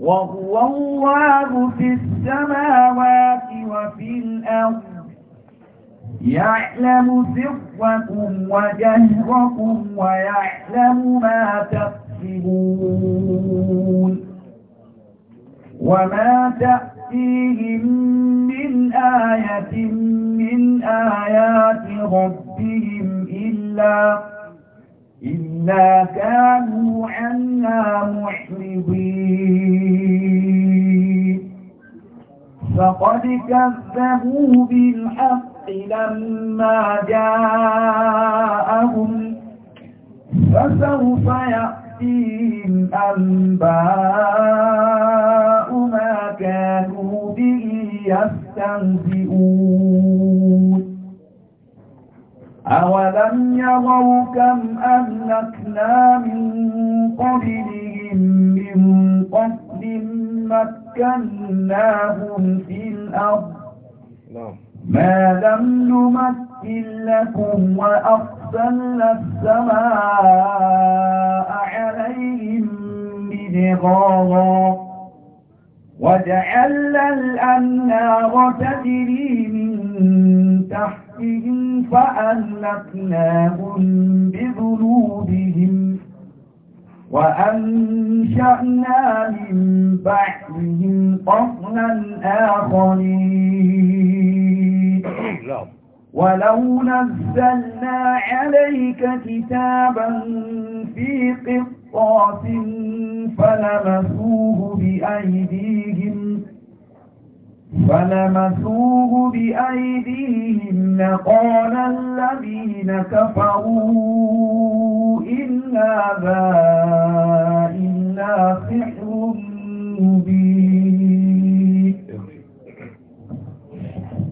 وهو الله في السماوات وفي الأرض يعلم سركم وجهركم ويعلم ما تكسبون وما تأتيهم من آية من آيات ربهم إلا إلا كانوا عنا محرضين فقد كذبوا بالحق لما جاءهم فسوف يأتيهم أنباء ما كانوا به يستهزئون أولم يروا كم أهلكنا من قبلهم من قتل مكناهم في الأرض نعم. ما لم نمكن لكم وأرسلنا السماء عليهم بغارا وجعلنا الأنهار تجري من تحتهم فأهلكناهم بذنوبهم وأنشأنا من بعدهم قرنا آخرين ولو نزلنا عليك كتابا في قطاس فلمسوه بأيديهم فلمسوه بأيديهم لقال الذين كفروا إن هذا إلا سحر مبين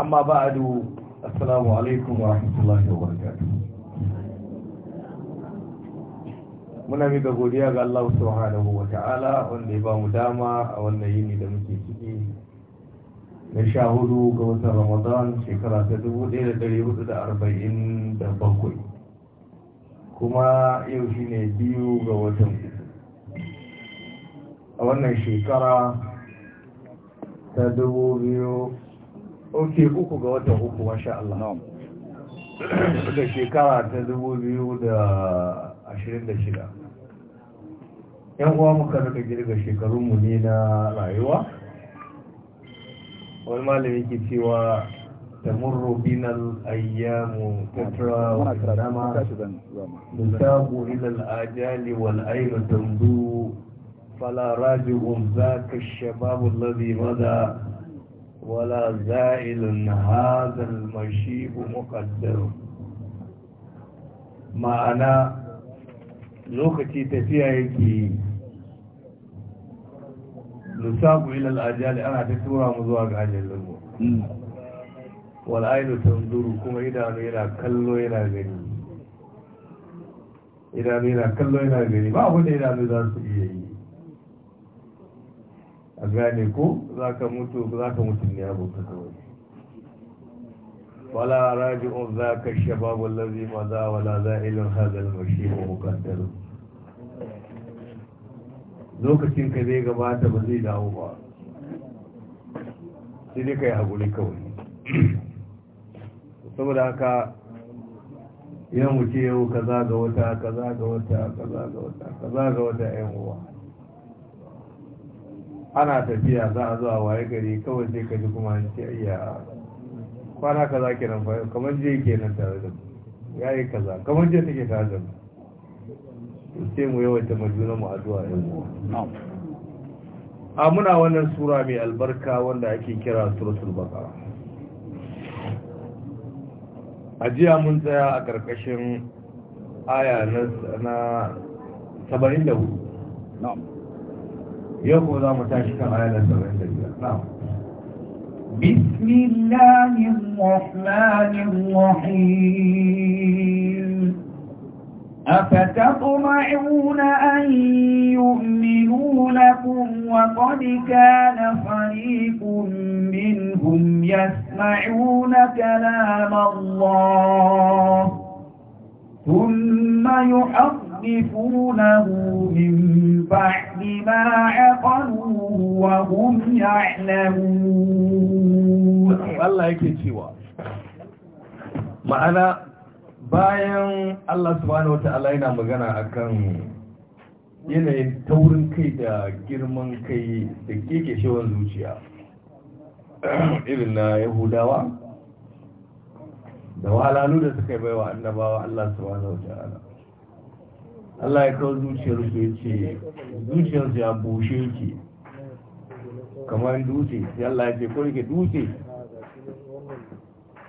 Amma ba a أما بعد السلام عليكم ورحمة الله وبركاته muna miƙa godiya ga Allah subhanahu wa ta'ala wanda ya ba mu dama a wannan yini da muke ciki na sha hudu ga watan ramadan shekara ta dubu ɗaya da ɗari hudu da arba'in da bakwai kuma yau shine biyu ga watan a wannan shekara ta dubu biyu ok uku ga watan uku masha Allah da shekara ta biyu da da ashirin shida. Ƴan uwa muka daga girga shekarunmu ne na rayuwa wani malami ke cewa tamur robinal ayyamu tattara wata dama da sabu ilal ajali wal aina tambu falarajin za ka shababun lalima da ولا زائل هذا المشيب مقدر ma'ana lokaci tafiya yake lusaku ilal ajali ana ta tura mu zuwa ga ajalin mu wal aidu tanzuru kuma idanu yana kallo yana gani ba wanda idanu za su iya yi a gane ko za ka mutu za ka mutu ne abuka kawai wala raji'un za ka shababu ma maza wala ilin hazal mashi ma mukaddar lokacin ka zai gabata ba zai dawo ba sai dai ka yi haguri kawai saboda haka yau mutu yau kaza ga wata za ga wata za ga wata za ga wata yan uwa ana tafiya za a zuwa waye gari kawai sai ka ji kuma an ce ayya kwana kaza nan fa kamar je nan tare da ya yi kaza kamar je take tare da sai mu yawaita majuna mu addu'a yanzu a muna wannan sura mai albarka wanda ake kira suratul baqara a jiya mun tsaya a karkashin aya na 74 yau ko za على tashi نعم. بسم الله الرحمن الرحيم أفتطمعون أن يؤمنوا لكم وقد كان فريق منهم يسمعون كلام الله ثم يحق يحرفونه من بعد ما عقلوه وهم يعلمون الله yake cewa ma'ana bayan Allah subhanahu wata'ala yana magana akan yanayin taurin kai da girman kai da kekeshewar zuciya irin na yahudawa da wahalalu da suka yi baiwa annabawa Allah subhanahu wata'ala Allah ya kawo zuciyar su ya ce zuciyar su ya bushe ki kamar dutse sai Allah ya ce ko yake dutse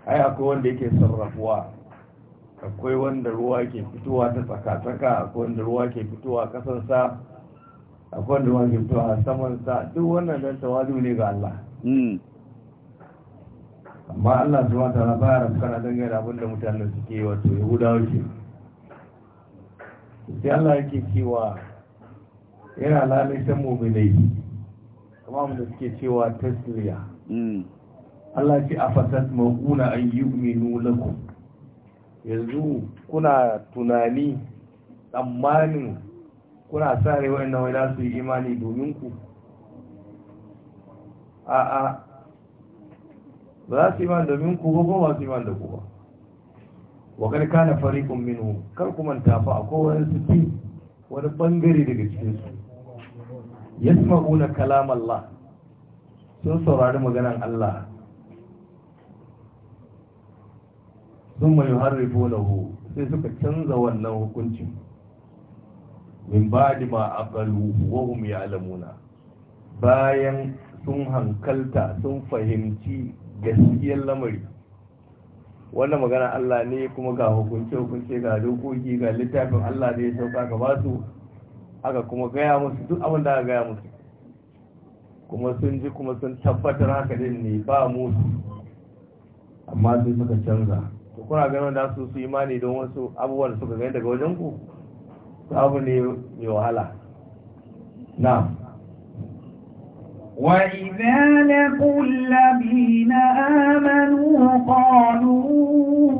ai akwai wanda yake sarrafuwa akwai wanda ruwa ke fitowa ta tsaka-tsaka akwai wanda ruwa ke fitowa kasansa akwai wanda ruwa ke fitowa samansa duk wannan don tawazu ne ga Allah hmm. amma Allah su mata na bayar kana dangane abinda mutanen suke wato yahudawa ke sai Allah yake cewa yana san mu'minai kuma da suke cewa tasliya mm. Allah ce a fasad mauna an yu'minu lakum yanzu kuna tunani tsammanin kuna sa rai wa'annan wai za su yi imani domin ku a'a ba za su yi imani domin ku ba ba su yi imani da ku ba wa kad kana fariqun minhu kar ku manta fa akwai wani wani bangare daga cikinsu. su yasma'una kalam Allah sun saurari maganar Allah sun mai harrifo hu sai suka canza wannan hukuncin min ba'di ma aqalu wa hum ya'lamuna bayan sun hankalta sun fahimci gaskiyar lamari wannan magana Allah ne kuma ga hukunce hukunce ga dokoki ga littafin Allah da ya sauka ga basu su aka kuma gaya musu duk abin da aka gaya musu kuma sun ji kuma sun tabbatar haka din ne ba musu amma sai suka canza to kuna ganin da su su imani don wasu abubuwan da suka gani daga wajen ku abu ne mai wahala na وإذا لقوا الذين آمنوا قالوا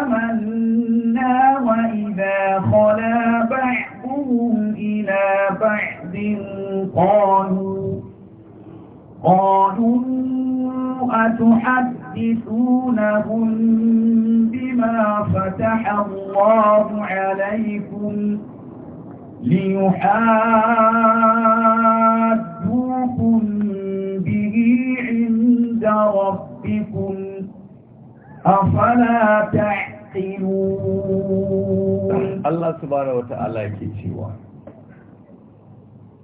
آمنا وإذا خلا بعضهم إلى بعض قالوا قالوا أتحدثونهم بما فتح الله عليكم ليحاجوا علمكم به عند ربكم أفلا تعقلون الله سبحانه وتعالى كتشوا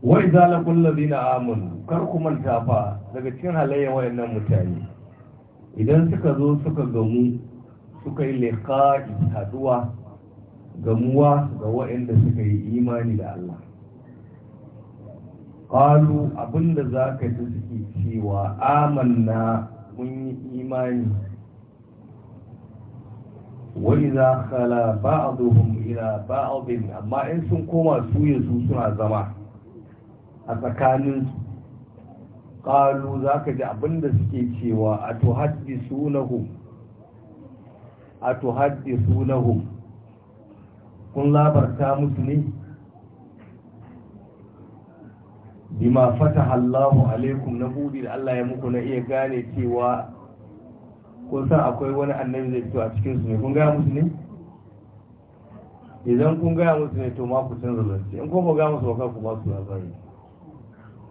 وإذا لكم الذين آمنوا كركم التافا لكتشين علي وإنا متعين idan suka zo suka gamu suka yi liqa'i haduwa gamuwa ga waɗanda suka yi imani da Allah qalu abinda ka ji suke cewa amanna mun yi imani Wani wa idza khala ba'dhum ila ba'dhin amma in sun koma su suna zama a tsakanin za ka ji abinda suke cewa a atuhaddisunahum atuhaddisunahum kun labarta musu ne bima fataha Allahu alaikum na budi da Allah ya muku na iya gane cewa kun san akwai wani annabi zai fito a cikinsu su ne kun gaya musu ne idan kun gaya musu ne to maku ku canza zance in kuma gaya musu ba ku basu labari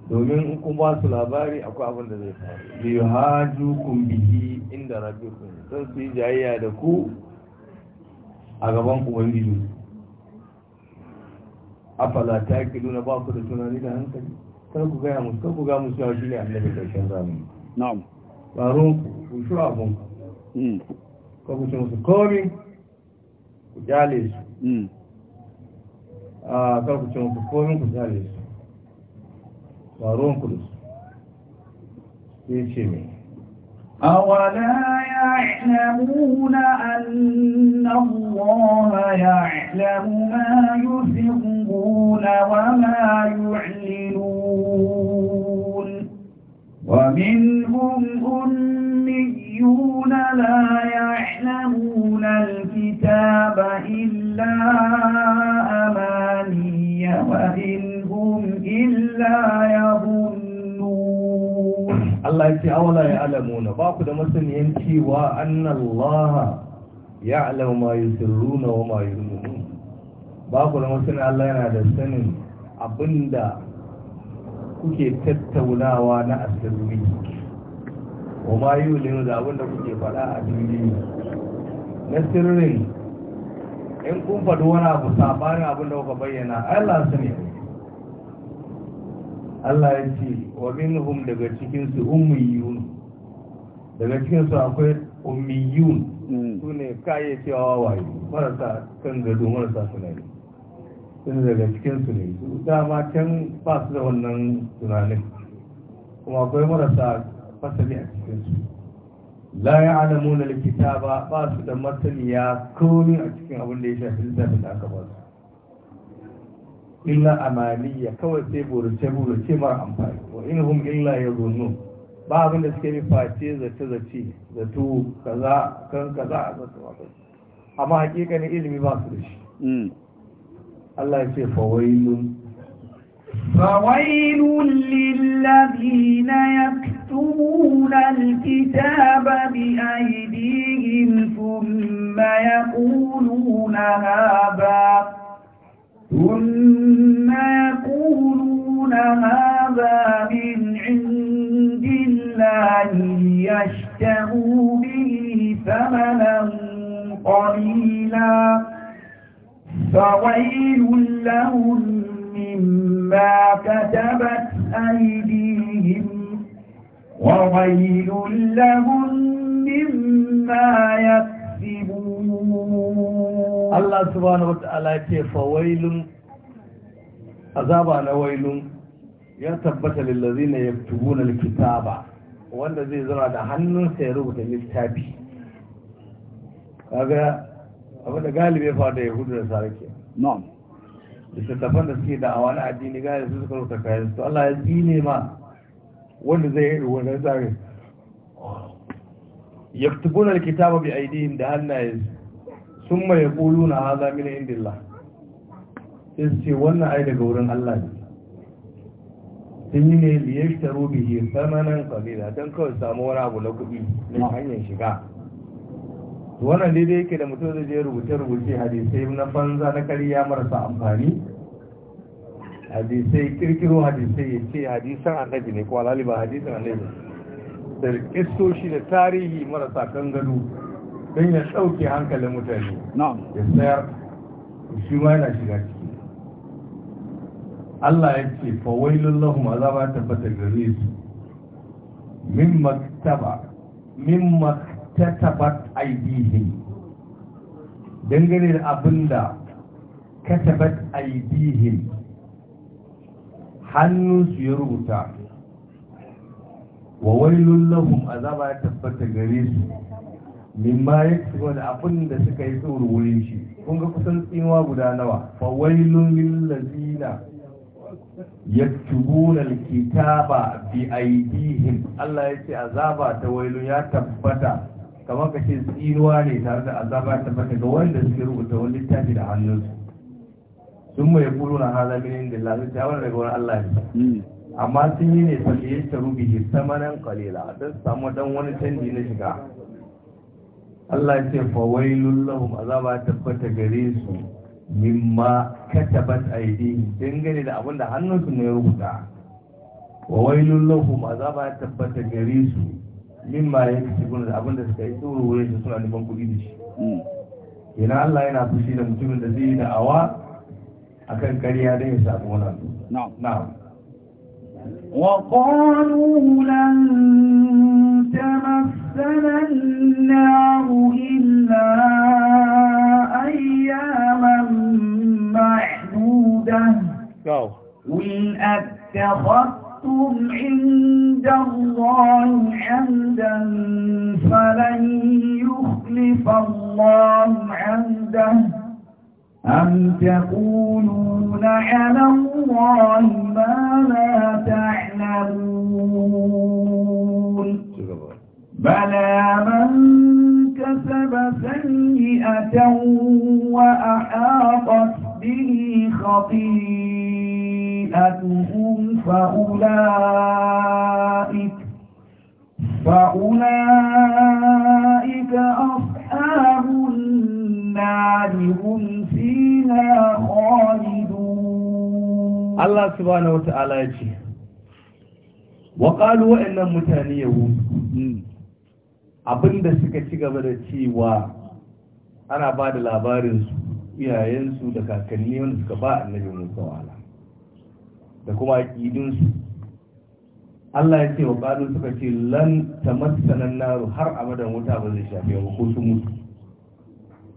domin in kun basu labari akwai abin da zai faru bi haju kun bihi inda rabbikum sun su yi jayayya da ku a gaban ubangiji afala ta kilu na ba ku da tunani da hankali kar ku gaya musu kar ku ga musu yawa shine annabi karshen zamani na'am ba ruwan ku ku abun ku hmm. kar ku ce musu komi ku kyale su hmm. a kar ku ce musu komi ku kyale su ba ruwan ku da su sai ce mai أولا يعلمون أن الله يعلم ما يسرون وما يعلنون ومنهم أميون لا يعلمون الكتاب إلا أماني وإنهم هم إلا يظنون Allah ya ce awala ya alamuna ba ku da masaniyan cewa annallaha ya alamu ma yusirruna wa ma rumunu ba ku da masaniyan Allah yana da sanin abinda kuke tattaunawa na asirri wa ma wulinu da abinda kuke faɗa a fili na sirrin in kun faɗi wani abu saɓanin abinda kuka bayyana Allah sani ne Allah ya ce wa minhum daga cikin su ummiyun daga cikin su akwai ummiyun hmm. sune kaye cewa wai marasa kan gado marasa tunani sun daga cikin su ne su dama can ba su da wannan tunanin kuma akwai marasa fasali a cikin su la ya alamu likita ba ba su da masaniya komi a cikin abin da ya shafi littafin da aka ba su illa amaliya kawai sai burace burace mara amfani wa inhum illa yazunnu ba abin da suke face zace zace zato kaza kan kaza a zato amma hakika ne ilimi ba su da shi hmm. Allah ya ce fawailun فويل للذين يكتبون الكتاب بأيديهم ثم يقولون هذا ثم يقولون هذا من عند الله ليشتروا به ثمنا قليلا فويل لهم مما كتبت أيديهم وويل لهم مما يكتبون Allah subhanahu wata'ala ce fawailun azaba na wailun ya tabbata lillazina yaktubuna alkitaba wanda zai zama da hannunsa ya rubuta littafi kaga abu da galibi ya fada yahudu da sarki na'am littattafan da suke da awani addini galibi su suka rubuta kayan su Allah ya tsine ma wanda zai yi wani tsarin yaktubuna alkitaba bi aydihim da hannayensu summa yaquluna hadha min indillah sai wannan ai daga wurin Allah ne sun yi ne liyashtaru bihi samanan qalila don kawai samu wani abu na kuɗi na hanyar shiga wannan daidai yake da mutum zai je rubuce-rubuce hadisai na banza na kariya marasa amfani hadisai kirkiro hadisai ya ce hadisan annabi ne ko alhali ba hadisan annabi ne da kistoshi da tarihi marasa gano don ya ɗauke hankalin mutane ya sayar shi ma yana shiga ciki Allah ya ce fawailun lahum zama tabbatar gare su min maktaba min maktatabat aibihin dangane da abinda katabat hannun su ya rubuta wa wailun lahum azaba ya tabbata gare su mimma ya tsibo da abin da suka yi tsoro wurin shi kun ga kusan tsinuwa guda nawa fa wailun ladina yaktubuna alkitaba bi aydihim Allah ya ce azaba ta wailun ya tabbata kamar ka ce tsinuwa ne tare da azaba ya tabbata ga wanda suke rubuta wani littafi da hannunsu sun mai kuluna hada da inda Allah daga wani Allah ne hmm. amma sun yi ne falle ta rubi shi samanan kalila don samu dan wani canji na shiga Allah ce fawailun lahum azaba tabbata gare su mimma katabat aidihim dangane da abinda hannunsu ne rubuta wawailun lahum azaba tabbata gare su mimma ya fi cikin da abinda suka yi tsoro wurin su suna neman kuɗi da shi ina Allah yana fushi da mutumin da zai yi da'awa akan ƙarya don ya samu wani abu na'am وقالوا لن تمثل النار إلا أياما معدودة قل أتخذتم عند الله حمدا فلن يخلف الله عمده أم تقولون على الله ما لا تعلمون بلى من كسب سيئة وأحاطت به خطيئتهم فأولئك فأولئك أصحاب النار هم فيها خالدون الله سبحانه وتعالى يجي Waƙalu waɗannan mutane yahudu hmm. abinda suka ci gaba da cewa ana ba da labarinsu iyayensu da kakanni wanda suka ba annabi musa wala da kuma ƙidinsu. Allah ya ce wa suka ce lan ta matsanan naru har madan wuta ba zai shafi ba ko su mutu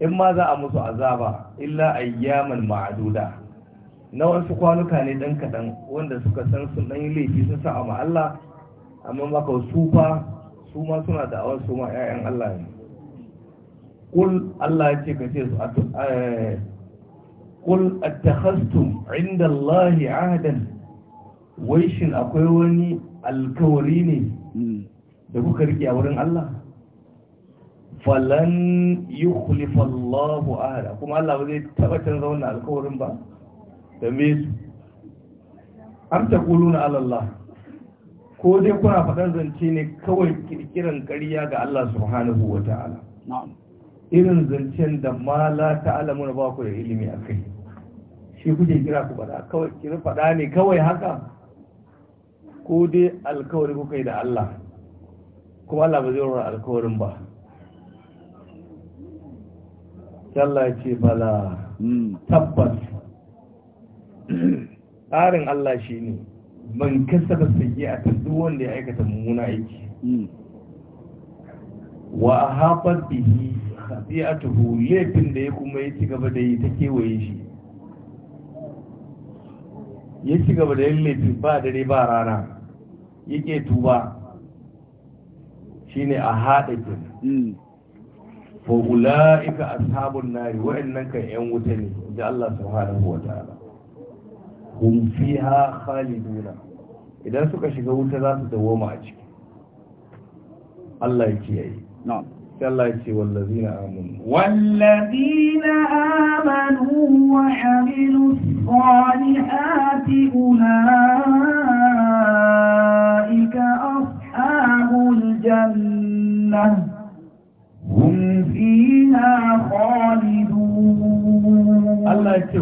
in ma za a musu azaba illa ayyaman ma'aduda na wasu kwanuka ne dan kaɗan wanda suka san sun dan yi laifi sun sa amma Allah amma maka su fa su ma suna da awar su ma 'ya'yan Allah ne kul Allah ya ce ka ce su kul eh, attakhastum inda Allah ahdan wai shin akwai wani alkawari ne da kuka rike a wurin Allah falan yukhlifa Allahu ahada kuma Allah ba zai taba canza wannan alkawarin ba tambaye su am ta kuluna alallah ko dai kuna faɗar zance ne kawai kirkiran ƙarya ga Allah subhanahu wa ta'ala irin zancen da ma la muna ba ku da ilimi a kai shi kuke kira ku faɗa kawai kira faɗa ne kawai haka ko dai alkawari kuka yi da Allah kuma Allah ba zai rura alkawarin ba Allah ce bala hmm. tabbas tsarin Allah shi ne man kasaba a duk wanda ya aikata mummuna aiki hmm. wa a ahabat bihi tuhu laifin da ya kuma ya ci gaba da yi ta kewaye shi ya ci gaba da yin laifin ba dare ba rana ya ke tuba ne a haɗa ke hmm. fa a sabon nari waɗannan kan yan wuta ne da Allah haɗa wa ta'ala hum fiha khaliduna idan suka shiga wuta za su dawoma a ciki Allah ya kiyaye na'am sai Allah ya ce wallazina amanu wallazina amanu wa amilus salihati ulaika ashabul jannah hum fiha khalidun Allah ya ce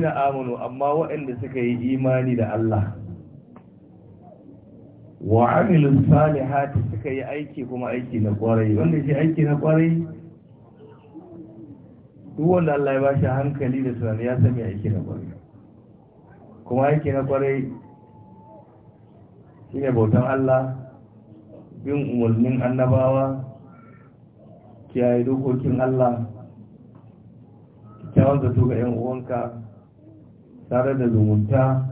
na amunu amma waɗanda suka yi imani da Allah wa amilin salihati suka yi aiki kuma aiki na ƙwarai wanda shi aiki na ƙwarai duk wanda Allah ya ba shi hankali da tunani ya sami aiki na ƙwarai kuma aiki na shi shine bautan Allah bin umarnin annabawa kiyaye dokokin Allah da su ga 'yan uwanka tare da zumunta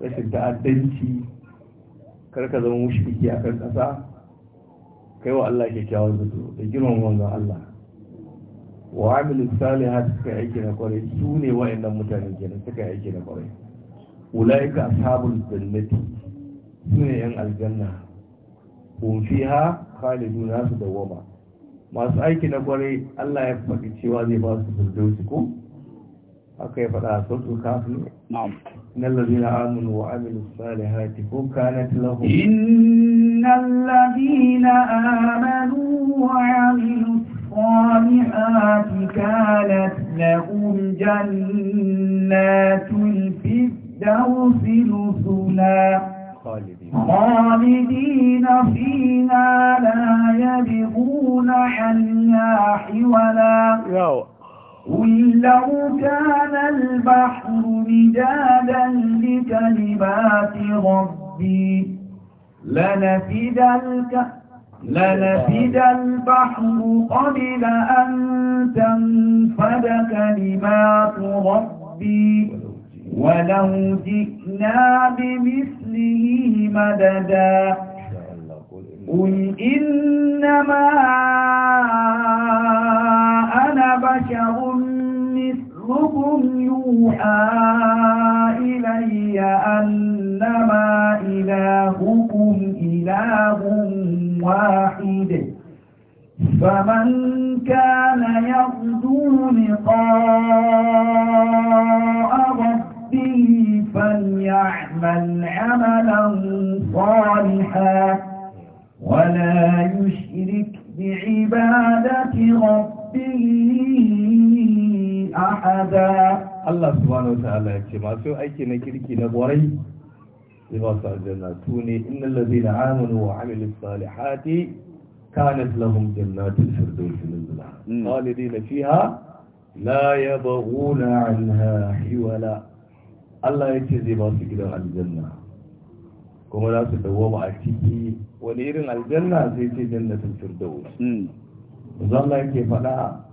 rashin ta'addanci karka zama mushriki a kan ƙasa kai wa Allah kyakkyawan zato da girman wanzan Allah wa amilu salihat suka yi aiki na kwarai su ne wa'annan mutane kenan suka yi aiki na kwarai ulaika ashabul jannati su ne yan aljanna hum fiha khaliduna su dawwama masu aiki na kwarai Allah ya faɗi cewa zai ba su firdausi ko aka yi faɗa a sautu kafin na'am الذين آمنوا وعملوا الصالحات كانت لهم إن الذين آمنوا وعملوا الصالحات كانت لهم جنات في الدوس نزلا خالدين فيها لو كان البحر مدادا لكلمات ربي لنفد الك... لنفد البحر قبل أن تنفد كلمات ربي ولو جئنا بمثله مددا قل إنما أنا بشر مثلكم يوحى إلي أنما إلهكم إله واحد فمن كان يرجو لقاء ربه فليعمل عملا صالحا ولا يشرك بعبادة ربه ahada Allah subhanahu wataala ya ce masu aiki na kirki na gwarai sai ba su aljanna su ne innal ladina amanu wa amilus salihati kanat lahum jannatul firdaus nuzula hmm. khalidina fiha la yabghuna anha hiwala Allah ya ce zai ba su gidan aljanna kuma za su dawo dawoma a ciki wani irin aljanna sai ce jannatul firdaus hmm. zalla yake faɗa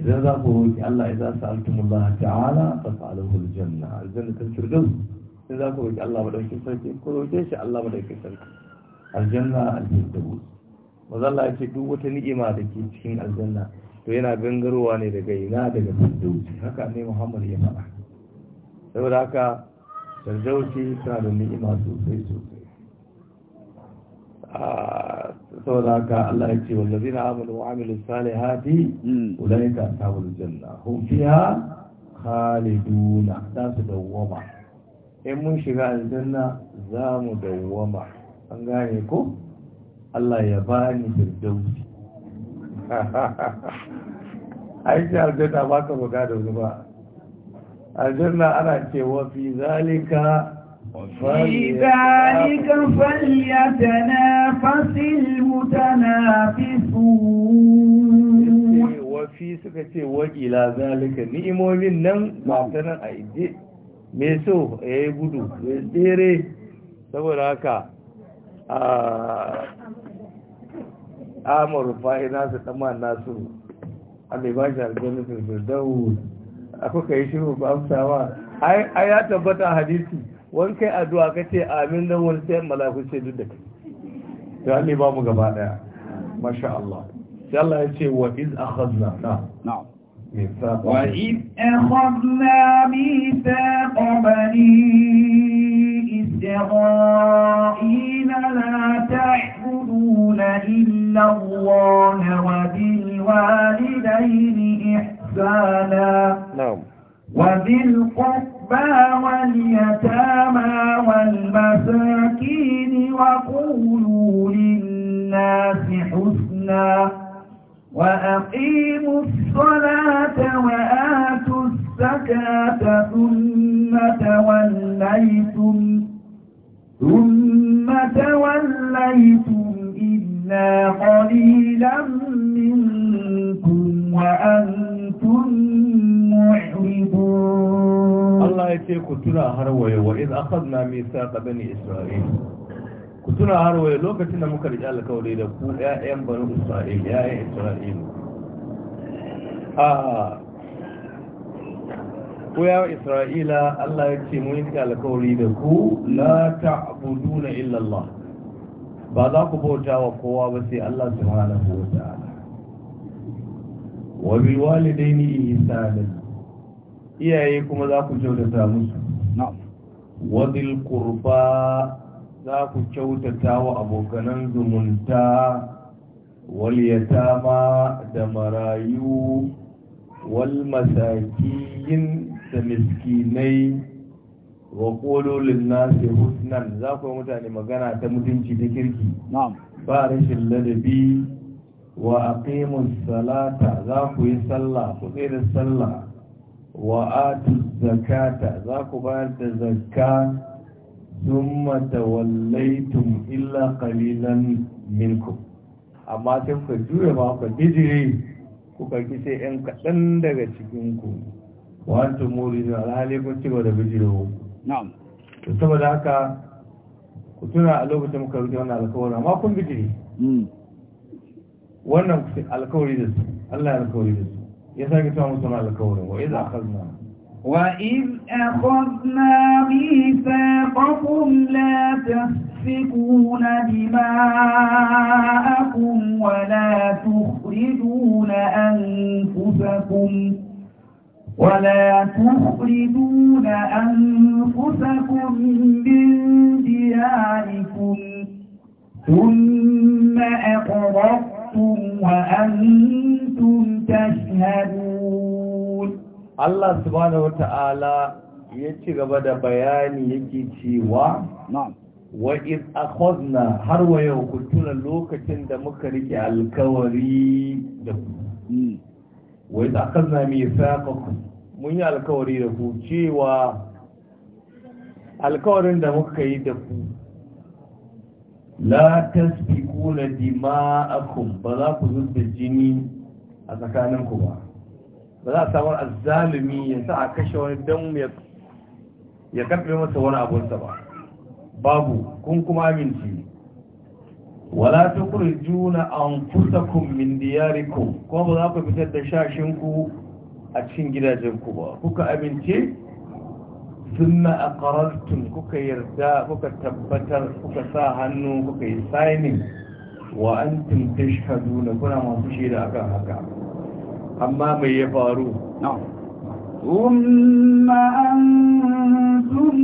idan za ku roƙi Allah idan sa'altumullah ta'ala fas'aluhu aljanna sun firdaus Idan za ku roƙi Allah madaukakin sarki ku roƙe shi Allah madaukakin sarki aljanna aljanna maza ya ce duk wata ni'ima da ke cikin aljanna to yana gangarowa ne daga ina daga firdaus haka ne Muhammad ya faɗa saboda haka firdausi tana da ni'ima sosai sosai saboda haka Allah ya ce wallazi na amalu wa amilu salihati ulaika ashabul janna hum khaliduna za su dawwama in mun shiga aljanna za mu dawwama an gane ko Allah ya bani firdausi ai ta aljanna ba ka buga da wani ba aljanna ana cewa fi zalika في ذلك فليتنافس المتنافسون wafi suka ce waƙila zalika ni'imomin nan mata nan a ije mai so ya yi gudu ya tsere saboda haka a amur fa'i nasu ɗama nasu a mai wanka kai addu'a ka ce amin don wani sayan malaku ce duk da kai ta hali ba mu gaba daya masha Allah sai Allah ya ce wa iz akhadna na wa iz na'am وإذ أخذنا ميثاق بني إسرائيل لا تعبدون إلا الله وبالوالدين إحسانا وذي القربى واليتامى والمساكين وقولوا للناس حسنا وأقيموا الصلاة وآتوا الزكاة ثم توليتم ثم توليتم إلا قليلا منكم Allah ya ce ku tuna harwaye wa in aka nami sa ƙabe ne Isra’il. Ku tuna harwaye lokacin da muka riƙe alkawari da ku ‘ya’yan bari Isra’il, ‘ya’yan Isra’il. Ku yawa Isra’ila Allah ya ce mun riƙe alkawari da ku la ta abuduna illallah. Ba za ku bauta wa kowa ba sai Allah su hana wa ta’ala. wa bil walidaini ihsana iyaye kuma za ku kyautata musu wa bil qurba za ku kyautata wa abokanan zumunta wal yatama da marayu wal masakin da miskinai wa qulu lin nasi husnan za ku mutane magana ta mutunci da kirki ba rashin ladabi wa aqimu salata za ku yi sallah ku tsere sallah wa atu zakata za ku bayar da zakka thumma tawallaytum illa qalilan minkum amma sai kuka juya ba ku bijire kuka ki sai yan kaɗan daga cikin ku wa antum muridun alhali kun ci da bijirewa na'am to saboda haka ku tuna a lokacin muka rubuta wannan alƙawarin amma kun bijiri hmm. wannan alkawari da su Allah alkawari da su ya sake cewa musu alkawarin wa idza akhadna wa idh akhadna mithaqakum la تسفكون دماءكم ولا تخرجون أنفسكم ولا تخرجون أنفسكم من دياركم ثم أقرأ أَشْرَكْتُمْ وَأَنْتُمْ تَشْهَدُونَ Allah subhanahu wata'ala ya ci gaba da bayani yake cewa wa iz akhadna har wa yau kutuna lokacin da muka rike alkawari da ku wa iz akhadna mithaqakum mun yi alkawari da ku cewa alkawarin da muka yi da ku la tasbiquna dima'akum ba za ku zubda jini a tsakaninku ba ba za a samar azzalumi ya sa a kashe wani dan ya karbe masa wani abunsa ba babu kun kuma aminci wala tukhrijuna anfusakum min diyarikum kuma ba za ku fitar da shashinku a cikin gidajenku ba kuka amince a aqarartum kuka yarda kuka tabbatar kuka sa hannu kuka yi signing wa antum tashhaduna kuna masu shaida akan haka amma mai ya faru ثم أنتم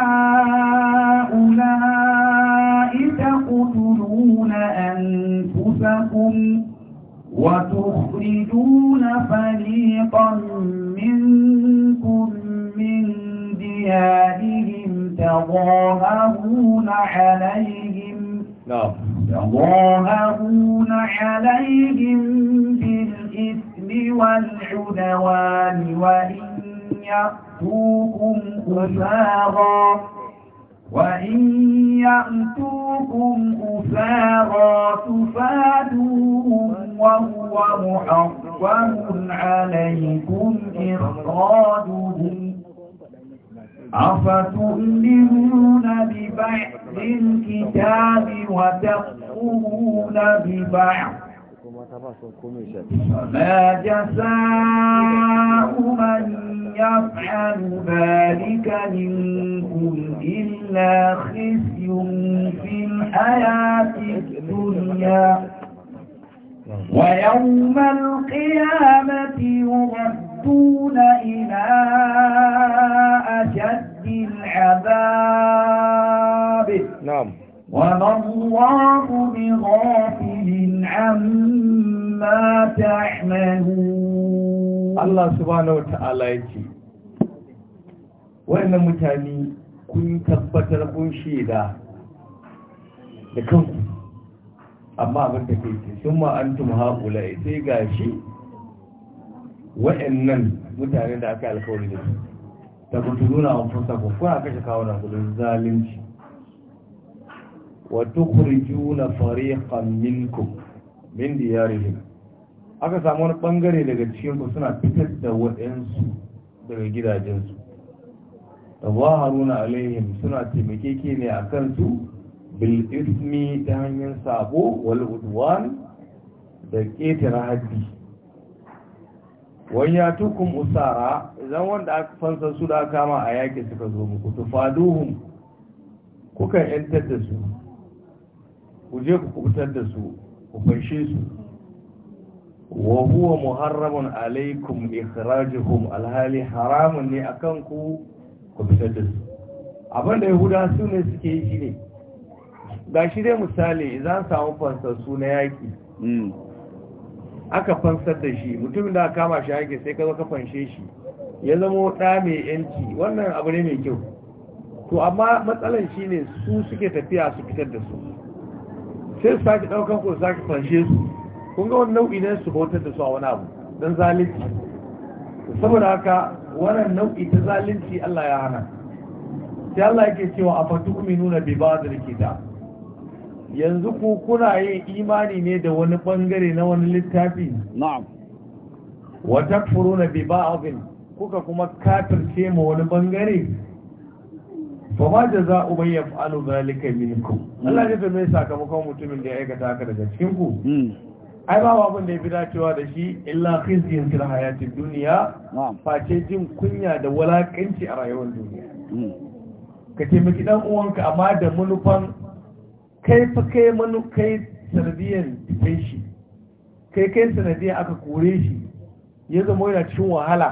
هؤلاء تقتلون أنفسكم وتخرجون فريقا منكم بأيادهم تظاهرون عليهم نعم. تظاهرون عليهم بالإثم والعدوان وإن يأتوكم أسارا وإن يأتوكم أسارا تفادوهم وهو محرم عليكم إخراجهم أفتؤمنون ببعض الكتاب وتكفرون ببعض فما جزاء من يفعل ذلك منكم إلا خزي في الحياة الدنيا ويوم القيامة يغفر يأتون إلى أشد العذاب نعم وما الله بغافل عما تعملون الله سبحانه وتعالى يجي وإن متاني kun tabbatar kun shaida da kanku amma abin da ke sun ma wa'annan mutane da aka alkawari da su ta kutuluna a fusa kuwa kuna kashe kawo na kudin zalunci wa tukhrijuna fariqan minkum min diyarihim aka samu wani bangare daga cikin ku suna fitar da waɗansu daga gidajensu tawaharuna alaihim suna taimake ke ne a kansu bil ismi ta hanyar sabo wal da ƙetare hajji. wanya tukun usara idan wanda aka fansa su da kama a yaƙi suka zo muku tufaduhum kuka yantar da su ku je ku kubutar da su ku fanshe su wa huwa muharramun alaikum ikhrajuhum alhali haramun ne akan ku ku fitar da su abin da yahuda su ne suke yi ne. Ga shi dai misali idan samu fansa su na yaki hmm. aka fansar da shi mutumin da aka kama shi hake sai ka zo ka fanshe shi ya zama ɗa mai yanci wannan abu ne mai kyau to amma matsalan shi ne su suke tafiya su fitar da su sai su sake ɗaukan ko sake fanshe su kun ga wani nau'i ne su bautar da su a wani abu don zalunci saboda haka wannan nau'i ta zalunci Allah ya hana sai Allah yake cewa a fatu nuna bai ba da rikita yanzu ku kuna yin imani ne da wani bangare na wani littafi na'am wa takfuruna bi ba'dhin kuka kuma kafirce mu wani bangare fa ma jaza'u man yaf'alu dhalika minkum Allah ya tabbata sakamakon mutumin da ya aikata haka daga cikin ku hmm. ai ba abin da ya fi dacewa da shi illa khizyin fil hayatid dunya face jin kunya da walakanci a rayuwar duniya hmm. ka taimaki dan uwanka amma da manufan kai fa kai manu kai sanadiyan jikin shi kai kai sanadiyan aka kore shi ya zama yana cikin wahala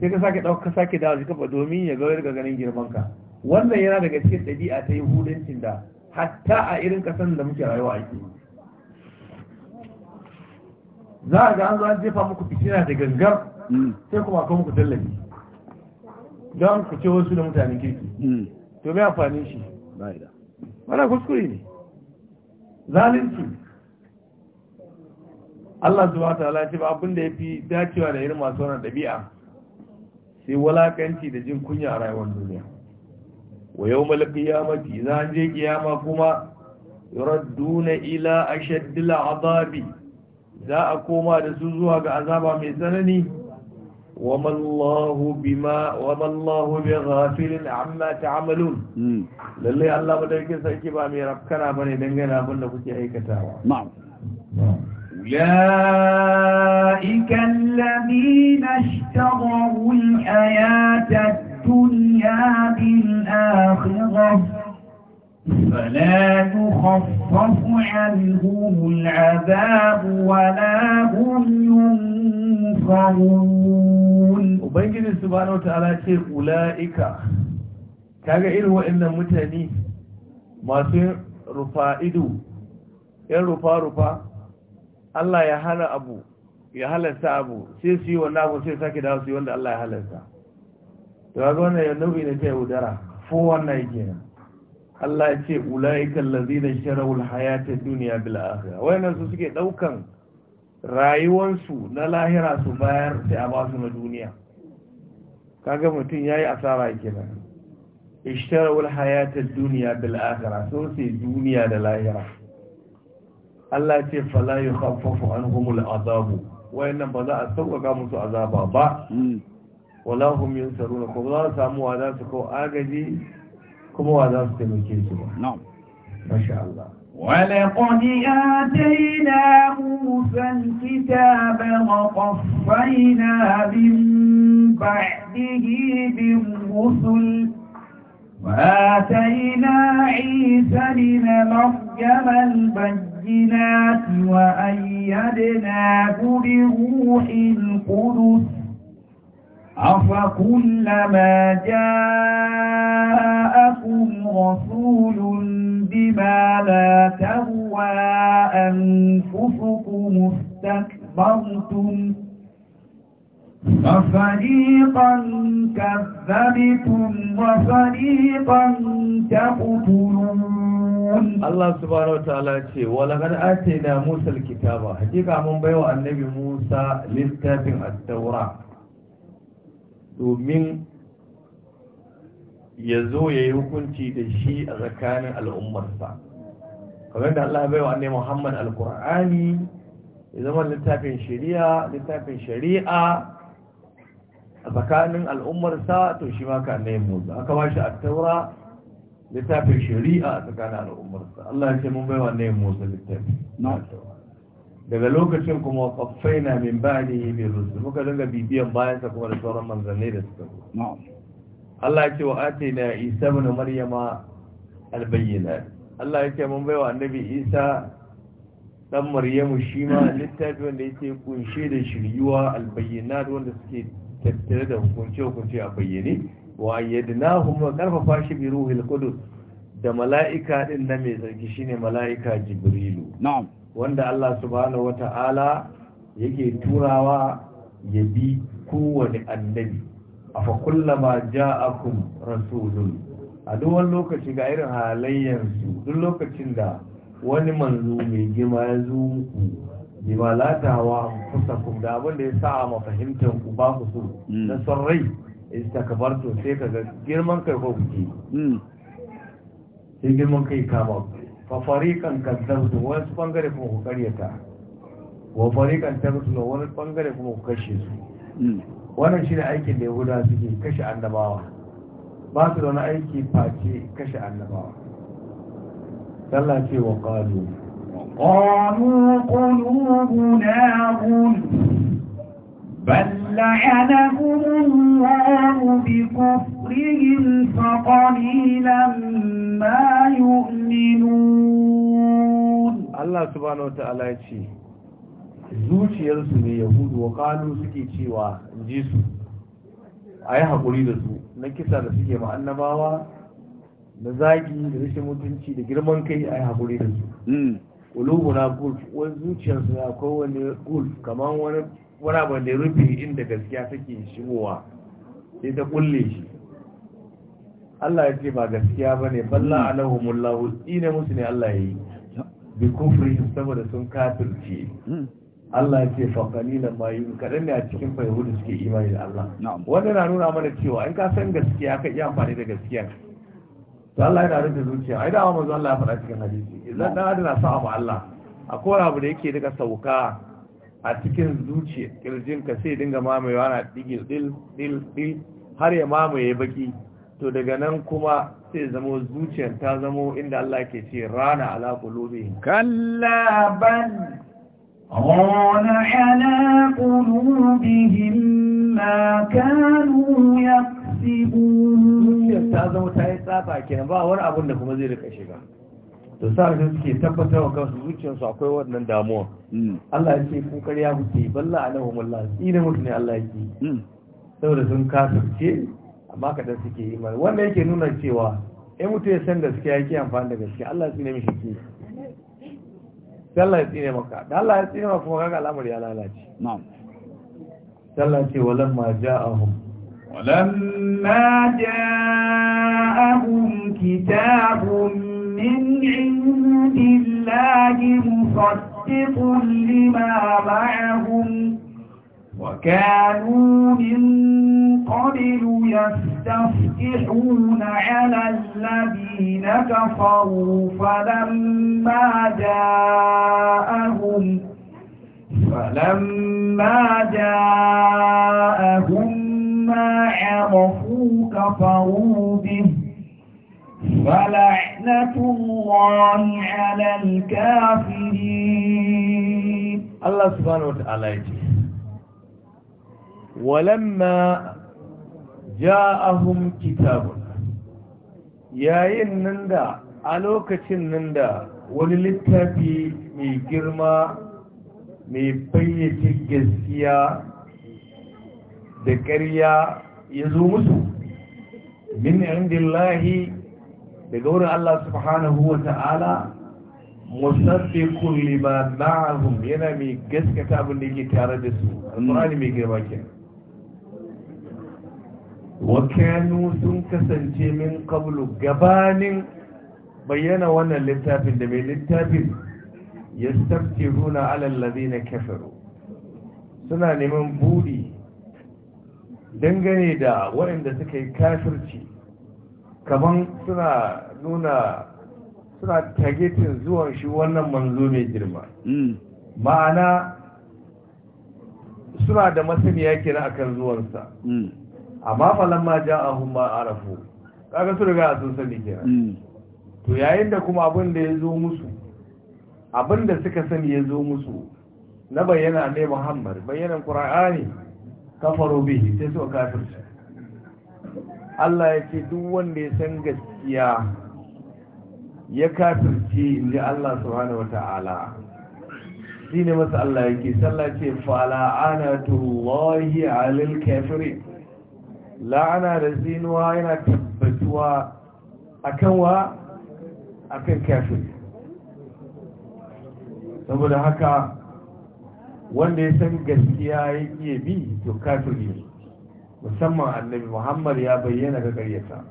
sai ka sake ɗauka sake dawo shi kafa domin ya gawar ga ganin girman ka wannan yana daga cikin ɗabi'a ta yahudancin da hatta a irin ƙasar da muke rayuwa ake za a ga an zo an jefa muku fitina da gangar sai kuma akwai muku tallafi don ku ce wasu da mutanen kirki mm. to mai amfani shi wala kuskure ne zalunci Allah subhanahu ala ce ba abin da fi dacewa da irin masu wannan ɗabi'a, sai walakanci da jin kunya a rayuwar duniya wa ya mafi za a je kiyama kuma yuradduna ila a shaddila azabi za a koma da su zuwa ga azaba mai tsanani وما الله بما وما الله بغافل عما تعملون lalle الله madaukakin sarki ba mai rafkana bane dangane abin da اي aikatawa نعم أولئك الذين اشتروا الحياة الدنيا بالآخرة فلا يخفف عنهم العذاب ولا هم ينصرون ينفعون وبنجد سبحانه وتعالى ce ula'ika kaga irin waɗannan mutane masu rufa ido yan rufa-rufa Allah ya hana abu ya halarta abu sai su yi wannan abu sai sake dawo su yi wanda Allah ya halarta Da ba wannan ya nau'i na ta yaudara fo wannan yake nan Allah ya ce ula'ikan lazina sharawul hayatid duniya bil akhirah wayannan su suke ɗaukan. rayuwansu na lahira su bayar sai a basu na duniya kaga mutum ya yi asara kenan ishtarawul hayatar duniya bil akhirah so sai duniya da lahira Allah ce fala humul azabu. wayan nan ba za a sauƙaƙa musu azaba ba mm. wala hum yunsaruna ko za su samu wa za su kawo agaji kuma wa za su taimake su ba masha Allah ولقد آتينا موسى الكتاب وقفينا من بعده بالرسل وآتينا عيسى بن مريم البينات وأيدناه بروح القدس أفكلما جاءكم رسول بما لا تهوى أنفسكم استكبرتم ففريقا كذبتم وفريقا تقتلون الله سبحانه وتعالى ce ولقد آتينا موسى الكتاب حقيقة من بيوى النبي موسى للتابع التوراة domin ya zo ya yi hukunci da shi a tsakanin al'ummarsa kamar da Allah bai wa annai Muhammad al-Qur'ani ya zama littafin shari'a littafin shari'a a tsakanin al'ummarsa to shi ma ka annai Musa aka ba shi at-Taura littafin shari'a a tsakanin al'ummarsa Allah ya ce mun bai wa annai Musa littafi daga lokacin kuma qaffaina min ba'dihi bi rusul muka dinga bibiyan bayansa kuma da sauran manzanni da suka zo Allah ya ce wa na Isa ibn Maryama al Allah ya ce mun baiwa annabi Isa dan Maryamu shi ma littafi wanda yake kunshe da shiryuwa al wanda suke tattare da hukunci-hukunci a bayyane wa ayyadnahum wa karfafa shi bi ruhil qudus da mala'ika din na mai zargi shine mala'ika Jibrilu na'am wanda Allah subhanahu wata'ala yake turawa ya bi kowane annabi afa kullama ja'akum rasulun a duk wani lokaci ga irin halayyarsu duk lokacin da wani manzo mai gima ya zo muku bima latawa kusa kun da abin da ya sa ma mafahimtar ku ba ku so mm. na son rai istakabarto sai ka ga girman kai ko kuke mm. sai girman kai kama fa fariqan kazzabtu wani bangare kuma ku karyata wa fariqan tabtu wani bangare kuma ku kashe su mm. wannan shi ne aikin da yahuda suke kashe annabawa ba su da wani aiki face kashe annabawa sallah ce wa ƙalu ƙalu ƙulubuna ƙul بل لعنهم الله بكفرهم فقليلا ما يؤمنون الله سبحانه وتعالى يقول zuciyarsu ne yahudu wa Kano suke cewa in ji su a yi haƙuri da su na kisa da suke ma'annabawa na zagi da rashin mutunci da girman kai a yi haƙuri da su hmm. na gulf wani zuciyarsu na akwai wani gulf kamar wani abu da rufe inda gaskiya take shigowa sai ta kulle shi Allah ya ce ba gaskiya ba ne balla hmm. alahumullahu ne musu ne Allah ya yi bi kufri saboda sun kafirce hmm. Allah ya ce faƙalilan ma mayu kaɗan ne a cikin fahimu suke imani da Allah. Wanda na nuna mana cewa in ka san gaskiya ka iya amfani da gaskiya. To Allah yana rufe zuciya. Ai dama manzo Allah ya faɗa cikin hadisi. Idan dan da na abu Allah, akwai abu da yake daga sauka a cikin zuciya kirjin ka sai dinga mamayewa na digil dil dil dil har ya mamaye baki. To daga nan kuma sai zamo zuciyar ta zamo inda Allah ke ce rana ala qulubihim. Kalla ban ران على قلوبهم ما كانوا يكسبون ta zama ta yi tsafa kenan ba wani abun da kuma zai rika shiga to suke tabbatar wa kansu zuciyarsu akwai wannan damuwa hmm. Allah ya ce ku ƙarya kuke balla mutu ne Allah yake hmm. saboda sun kasance amma kadan suke wannan nuna cewa in mutu ya san gaskiya ke amfani da ciki, Allah ya tsine mishi kiyaye sai Allah ya tsine maka da Allah ya tsine maka kuma kaga al'amari ya lalace na'am sai Allah ce walamma ja'ahum walamma ja'ahum kitabun min indillahi musaddiqun lima ma'ahum وكانوا من قبل يستفتحون على الذين كفروا فلما جاءهم فلما جاءهم ما عرفوا كفروا به فلعنة الله على الكافرين الله سبحانه وتعالى walamma ja'ahum kitabun yayin nan da a lokacin nan da wani littafi mai girma mai fayyace gaskiya da ƙarya ya zo musu min indillahi daga wurin Allah subhanahu wa ta'ala musaddiqun lima ma'ahum yana mai gaskata abin da yake tare da su alqur'ani mai girma kenan wa kanu sun kasance min qablu gabanin bayyana wannan littafin da mai littafin ya stafti runa alallazi na kafiru suna neman buri dangane da waɗanda suka yi kafirci kaman suna nuna suna tagetin zuwan shi wannan manzo mai girma mm. ma'ana suna da masaniya kira akan zuwansa mm. amma lamma ja'ahum a arafu kaga su riga sun sani kenan hmm. to yayin da kuma abin da ya zo musu abin da suka sani ya zo musu na bayyana ne muhammad bayyanan qur'ani kafaru bihi sai su kafirci Allah ya ce duk wanda ya san gaskiya ya in inji Allah subhanahu wata'ala shine masa Allah yake sallah ce fala'anatullahi alil kafirin la'ana da zinuwa yana tabbatuwa kanwa a kan kafiri saboda haka wanda ya san gaskiya ya iya bi to ne, musamman annabi muhammad ya bayyana ga karyata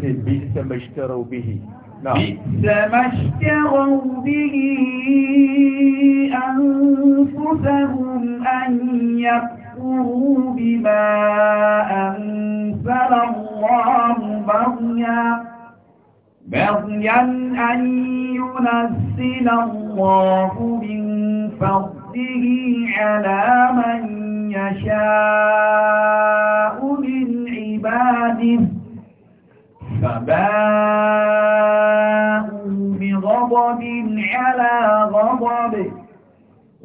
ce bi ta mashtarau bihi بئسما اشتروا به أنفسهم أن فَكَفَرُوا بِمَا أَنزَلَ اللَّهُ بَغْيًا بَغْيًا أَن يُنَزِّلَ اللَّهُ مِن فَضْلِهِ عَلَى مَن يَشَاءُ مِنْ عِبَادِهِ فَبَاءُوا بِغَضَبٍ عَلَى غضبه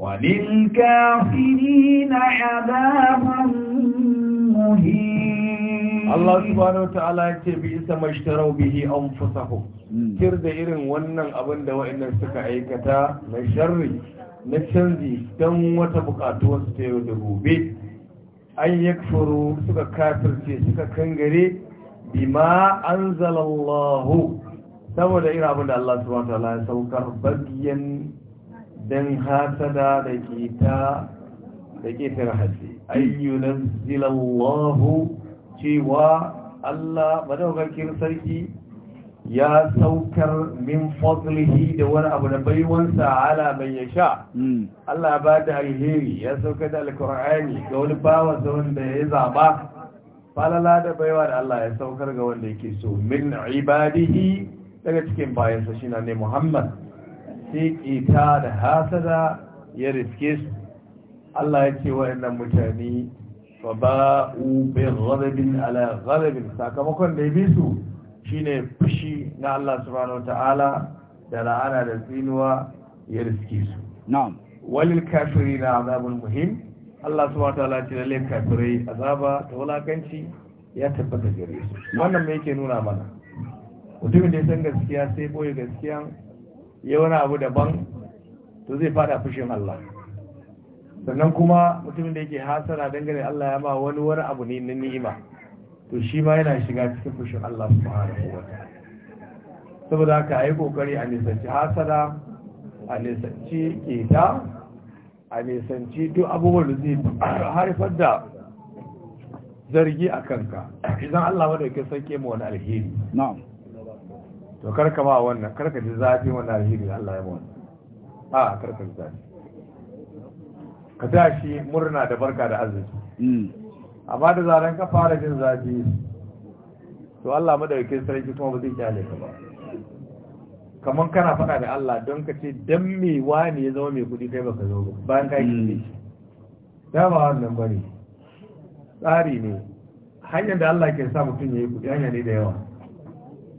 وللكافرين عذاب مهين الله سبحانه وتعالى يكتب بئس ما اشتروا به انفسهم كير da irin wannan abin da wa'annan suka aikata na sharri na canji don wata bukatuwar su ta yau da gobe an yakfuru suka kafirce suka kangare bima anzalallahu saboda irin abin da Allah subhanahu wa ta'ala ya saukar bagiyan Dan hasada da kita da ƙetar hajji ayyunan zilallahu cewa Allah madaukakin sarki ya saukar min fadlihi da wani abu da baiwansa ala mai ya sha hmm. Allah ba da alheri ya sauka da alkur'ani ga wani bawansa wanda ya zaba falala da baiwa da Allah ya saukar ga wanda yake so min ibadihi daga cikin bayansa shi ne Muhammad sai da hasada ya riske su Allah ya ce waɗannan mutane fa ba'u bi ghadabin ala ghadabin sakamakon da ya bi su shine fushi na Allah subhanahu wataala da la'ana da tsinuwa ya riske su na'am walil kafirina azabun muhim Allah subhanahu wataala ce lalle kafirai azaba ta wulakanci ya tabbata gare su wannan me yake nuna mana mutumin da ya san gaskiya sai boye gaskiyan ya wani abu daban to zai fada fushin Allah sannan kuma mutumin da yake hasara dangane Allah ya ba wani wani abu ne na ni'ima to shi ma yana shiga cikin fushin Allah subhanahu wa ta'ala saboda haka ayi kokari a nisanci hasara a nisanci keta a nisanci duk abubuwan da zai haifar da zargi a kanka idan Allah wadda ke sake mu wani alheri na'am to karka ma wannan karka ji zafi wannan alheri Allah ya ma wannan a karka ji zafi ka tashi murna da barka da arziki mm. amma da zaran ka fara jin zafi to Allah madaukakin sarki kuma ba zai kyale ka ba kamar kana faɗa da Allah don ka ce dan me wani ya zama mai kuɗi kai baka zo ba bayan ka yi mm. da ba wannan bane tsari ne hanyar da Allah ke sa mutum ya yi kuɗi hanya ne da yawa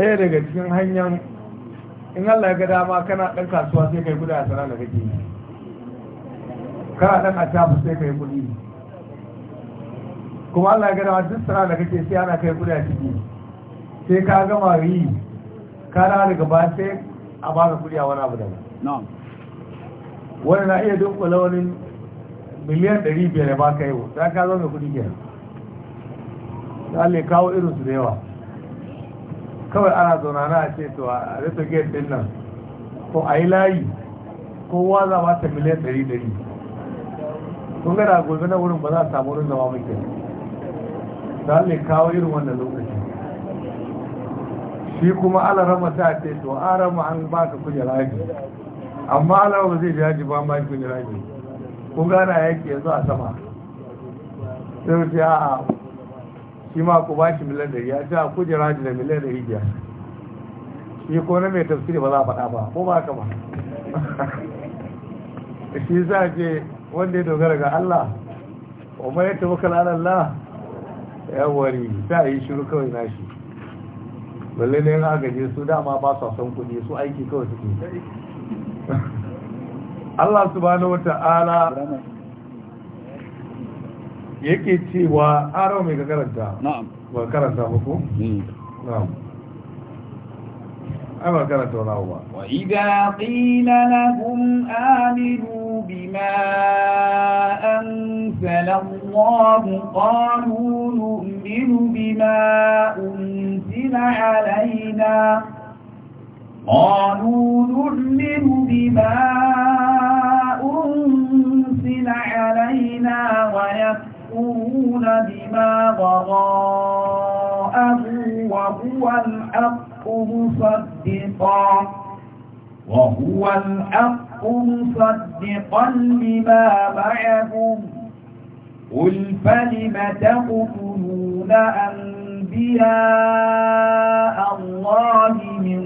ɗaya daga cikin hanyar in Allah ya ga dama kana ɗan kasuwa sai kai guda a sana da kake kana ɗan a tafi sai kai kudi kuma Allah ya ga dama duk sana da kake sai ana kai guda ciki sai ka gama yi ka na daga ba sai a baka kudi a wani abu daga wani na iya dunkula launin miliyan 500 ba baka yau ta ka zo mai kudi kenan Allah ya kawo irinsu da yawa kawai ana zauna na ce to a rito gate din nan ko a yi layi kowa za ba ta miliyan ɗari ɗari kun gada gobe na wurin ba za a samu wurin zama muke da ne kawo irin wannan lokaci shi kuma ala rama ta ce to a rama an baka kujera raji. amma ala rama zai ji haji ba ma kujera haji kun gana yake yanzu a sama sai wuce a'a shi ma ku ba shi miliyan ɗari ya ce a rajin da miliyan ɗari biyar shi ko na mai tafsiri ba za a faɗa ba ko ba ka ba shi a ce wanda ya dogara ga Allah wa mai tawakkal kala Allah ya wari a yi shiru kawai nashi balle ne yin gaje su dama ba su san kuɗi su aiki kawai suke Allah subhanahu Ta'ala. yake cewa arawa mai karanta na'am ba karanta ba ko hmm. na'am أما كانت الله وإذا قيل لهم آمنوا بما أنزل الله قالوا نؤمن بما أنزل علينا قالوا نؤمن بما أنزل علينا ويكفر يكفرون بما وراءه وهو الحق مصدقا وهو الحق مصدقا لما معهم قل فلم تقتلون أنبياء الله من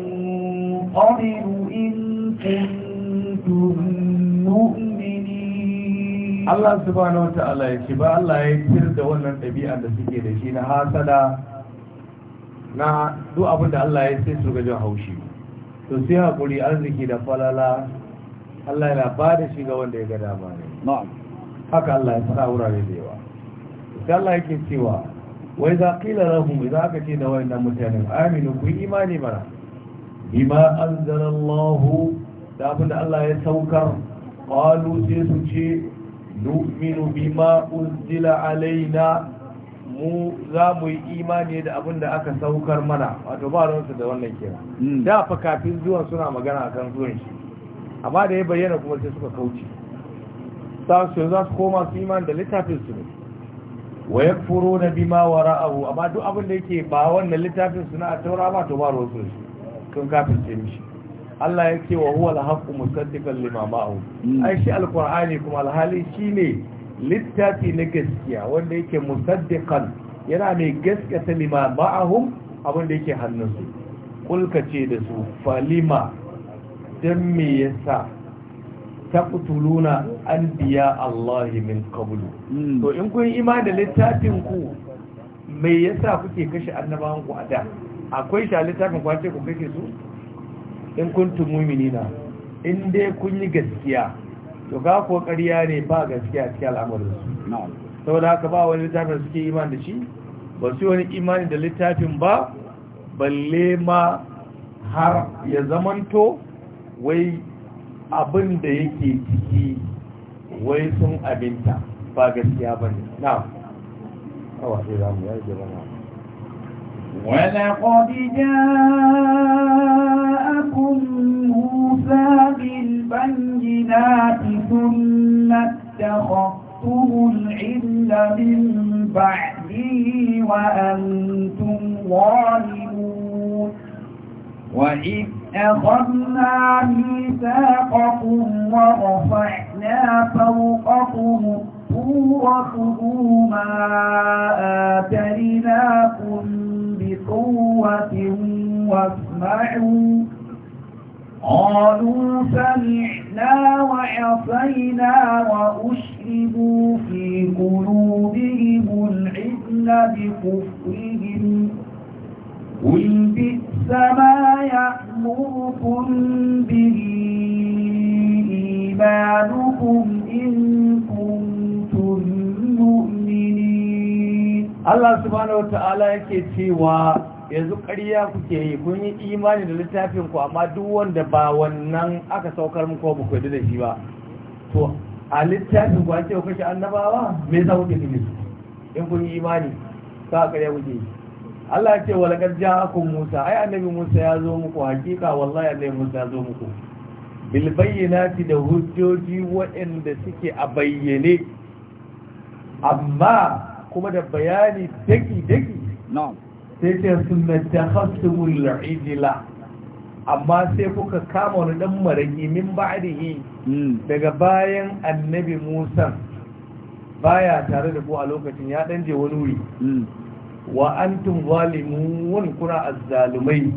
قبل إن كنتم مؤمنين Allah subhanahu ta'ala ya ce ba Allah ya tir da wannan ɗabi'a da suke da shi na hasada na duk abin da Allah ya sai su ga jin haushi to sai hakuri arziki da falala Allah ya ba da shi ga wanda ya gada ba ne haka Allah ya fara wurare da yawa sai Allah yake cewa wai za qila lahum aka ce da wayannan mutanen aminu ku imani mana bima anzalallahu da abin da Allah ya saukar qalu sai su ce نؤمن بما unzila alaina mu za mu yi imani da abin da aka saukar mana wato ba ruwansu da wannan kira da fa kafin zuwan suna magana a kan zuwan shi amma da ya bayyana kuma sai suka kauce ta su za su koma su imani da littafin su ne wa ya furo na bima wa ra'ahu amma duk abin da yake ba wannan littafin su na a taura ba to ba ruwansu sun kafin ce mishi Allah ya ce wa huwa al-haqqu musaddiqan lima ma'ahu hmm. ai shi alqur'ani kuma alhali shine littafi na gaskiya wanda yake musaddiqan yana mai gaskata lima ma'ahu abin da yake hannunsu kulka ce da su falima dan me yasa taqtuluna anbiya Allah min qablu hmm. to in kun imani da littafin ku me yasa kuke kashe annabawan ku a da akwai shi a kwace ku kake su in kuntum mu'minina in dai kun yi gaskiya to ga ko ƙarya ne ba gaskiya cikin al'amarin su saboda haka ba wani littafin suke imani da shi ba su wani imani da littafin ba balle ma har ya zamanto wai abin da yake ciki wai sun abinta ba gaskiya ba ne na awa sai za mu yi na'am ولقد جاءكم موسى بالبينات ثم اتخذتم العل من بعده وأنتم ظالمون وإذ أخذنا ميثاقكم ورفعنا فوقكم وَاذْكُرُوا وَخُذُوا مَا آتَيْنَاكُمْ بِقُوَّةٍ وَاسْمَعُوا قالوا سمعنا وعصينا وأشربوا في قلوبهم العزل بكفرهم قل بئس ما يأمركم به إيمانكم إن Allah subhanahu wata'ala yake cewa yanzu ƙarya kuke yi kun yi imani da littafin ku amma duk wanda ba wannan aka saukar muku ba ku da shi ba to a littafin ku ake kashe annabawa me yasa kuke kike in kun yi imani ka ƙarya kuke yi Allah ya ce wa laqad ja'akum Musa ai annabi Musa ya zo muku hakika wallahi annabi Musa ya zo muku bil bayyinati da hujjoji waɗanda suke a bayyane amma kuma da bayani daki-daki sai ce suna ta hasumul ijila amma sai kuka kama wani dan maraki min ba'dihi hmm. daga bayan annabi musa baya tare da ku a lokacin ya dan je wani wuri hmm. wa tun zalimun kuna azzalumai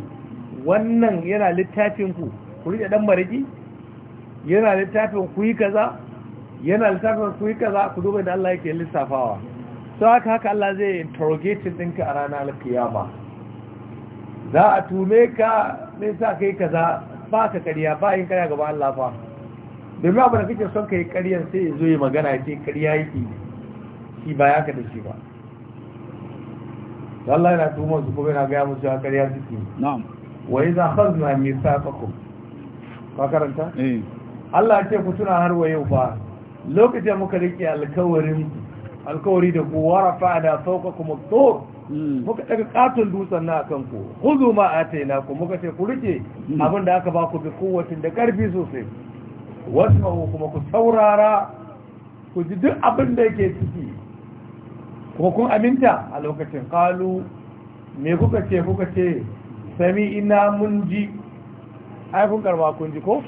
wannan yana littafin ku ku rike dan maraki yana littafin ku yi kaza yana littafin ku yi kaza ku duba da Allah yake lissafawa sau haka haka Allah zai interrogating ɗinka a ranar alkiyama za a tume ka mai sa kai ka za ba ka kariya ba yin kariya gaba Allah fa domin abu da kake son ka yi kariyar sai ya zo yi magana ya ce kariya yake shi ba ya ka da shi ba Allah yana tuma su kuma yana gaya musu eh. ya kariya suke wa yi za zuwa mai sa fakon karanta? Allah ce ku tuna har wa yau ba lokacin muka rike alkawarin alkawari da ku warafa da sauka kuma tsohon mm. muka daga katon dutsen na kan ku huzu ma a taina ku muka ce ku rike mm. abin da aka ba ku bi kowacin da karfi sosai wasu kuma ku saurara ku ji duk abin da yake ciki kuma kun aminta a lokacin kalu me kuka ce kuka ce sami ina mun ji ai kun karba kun ji ko?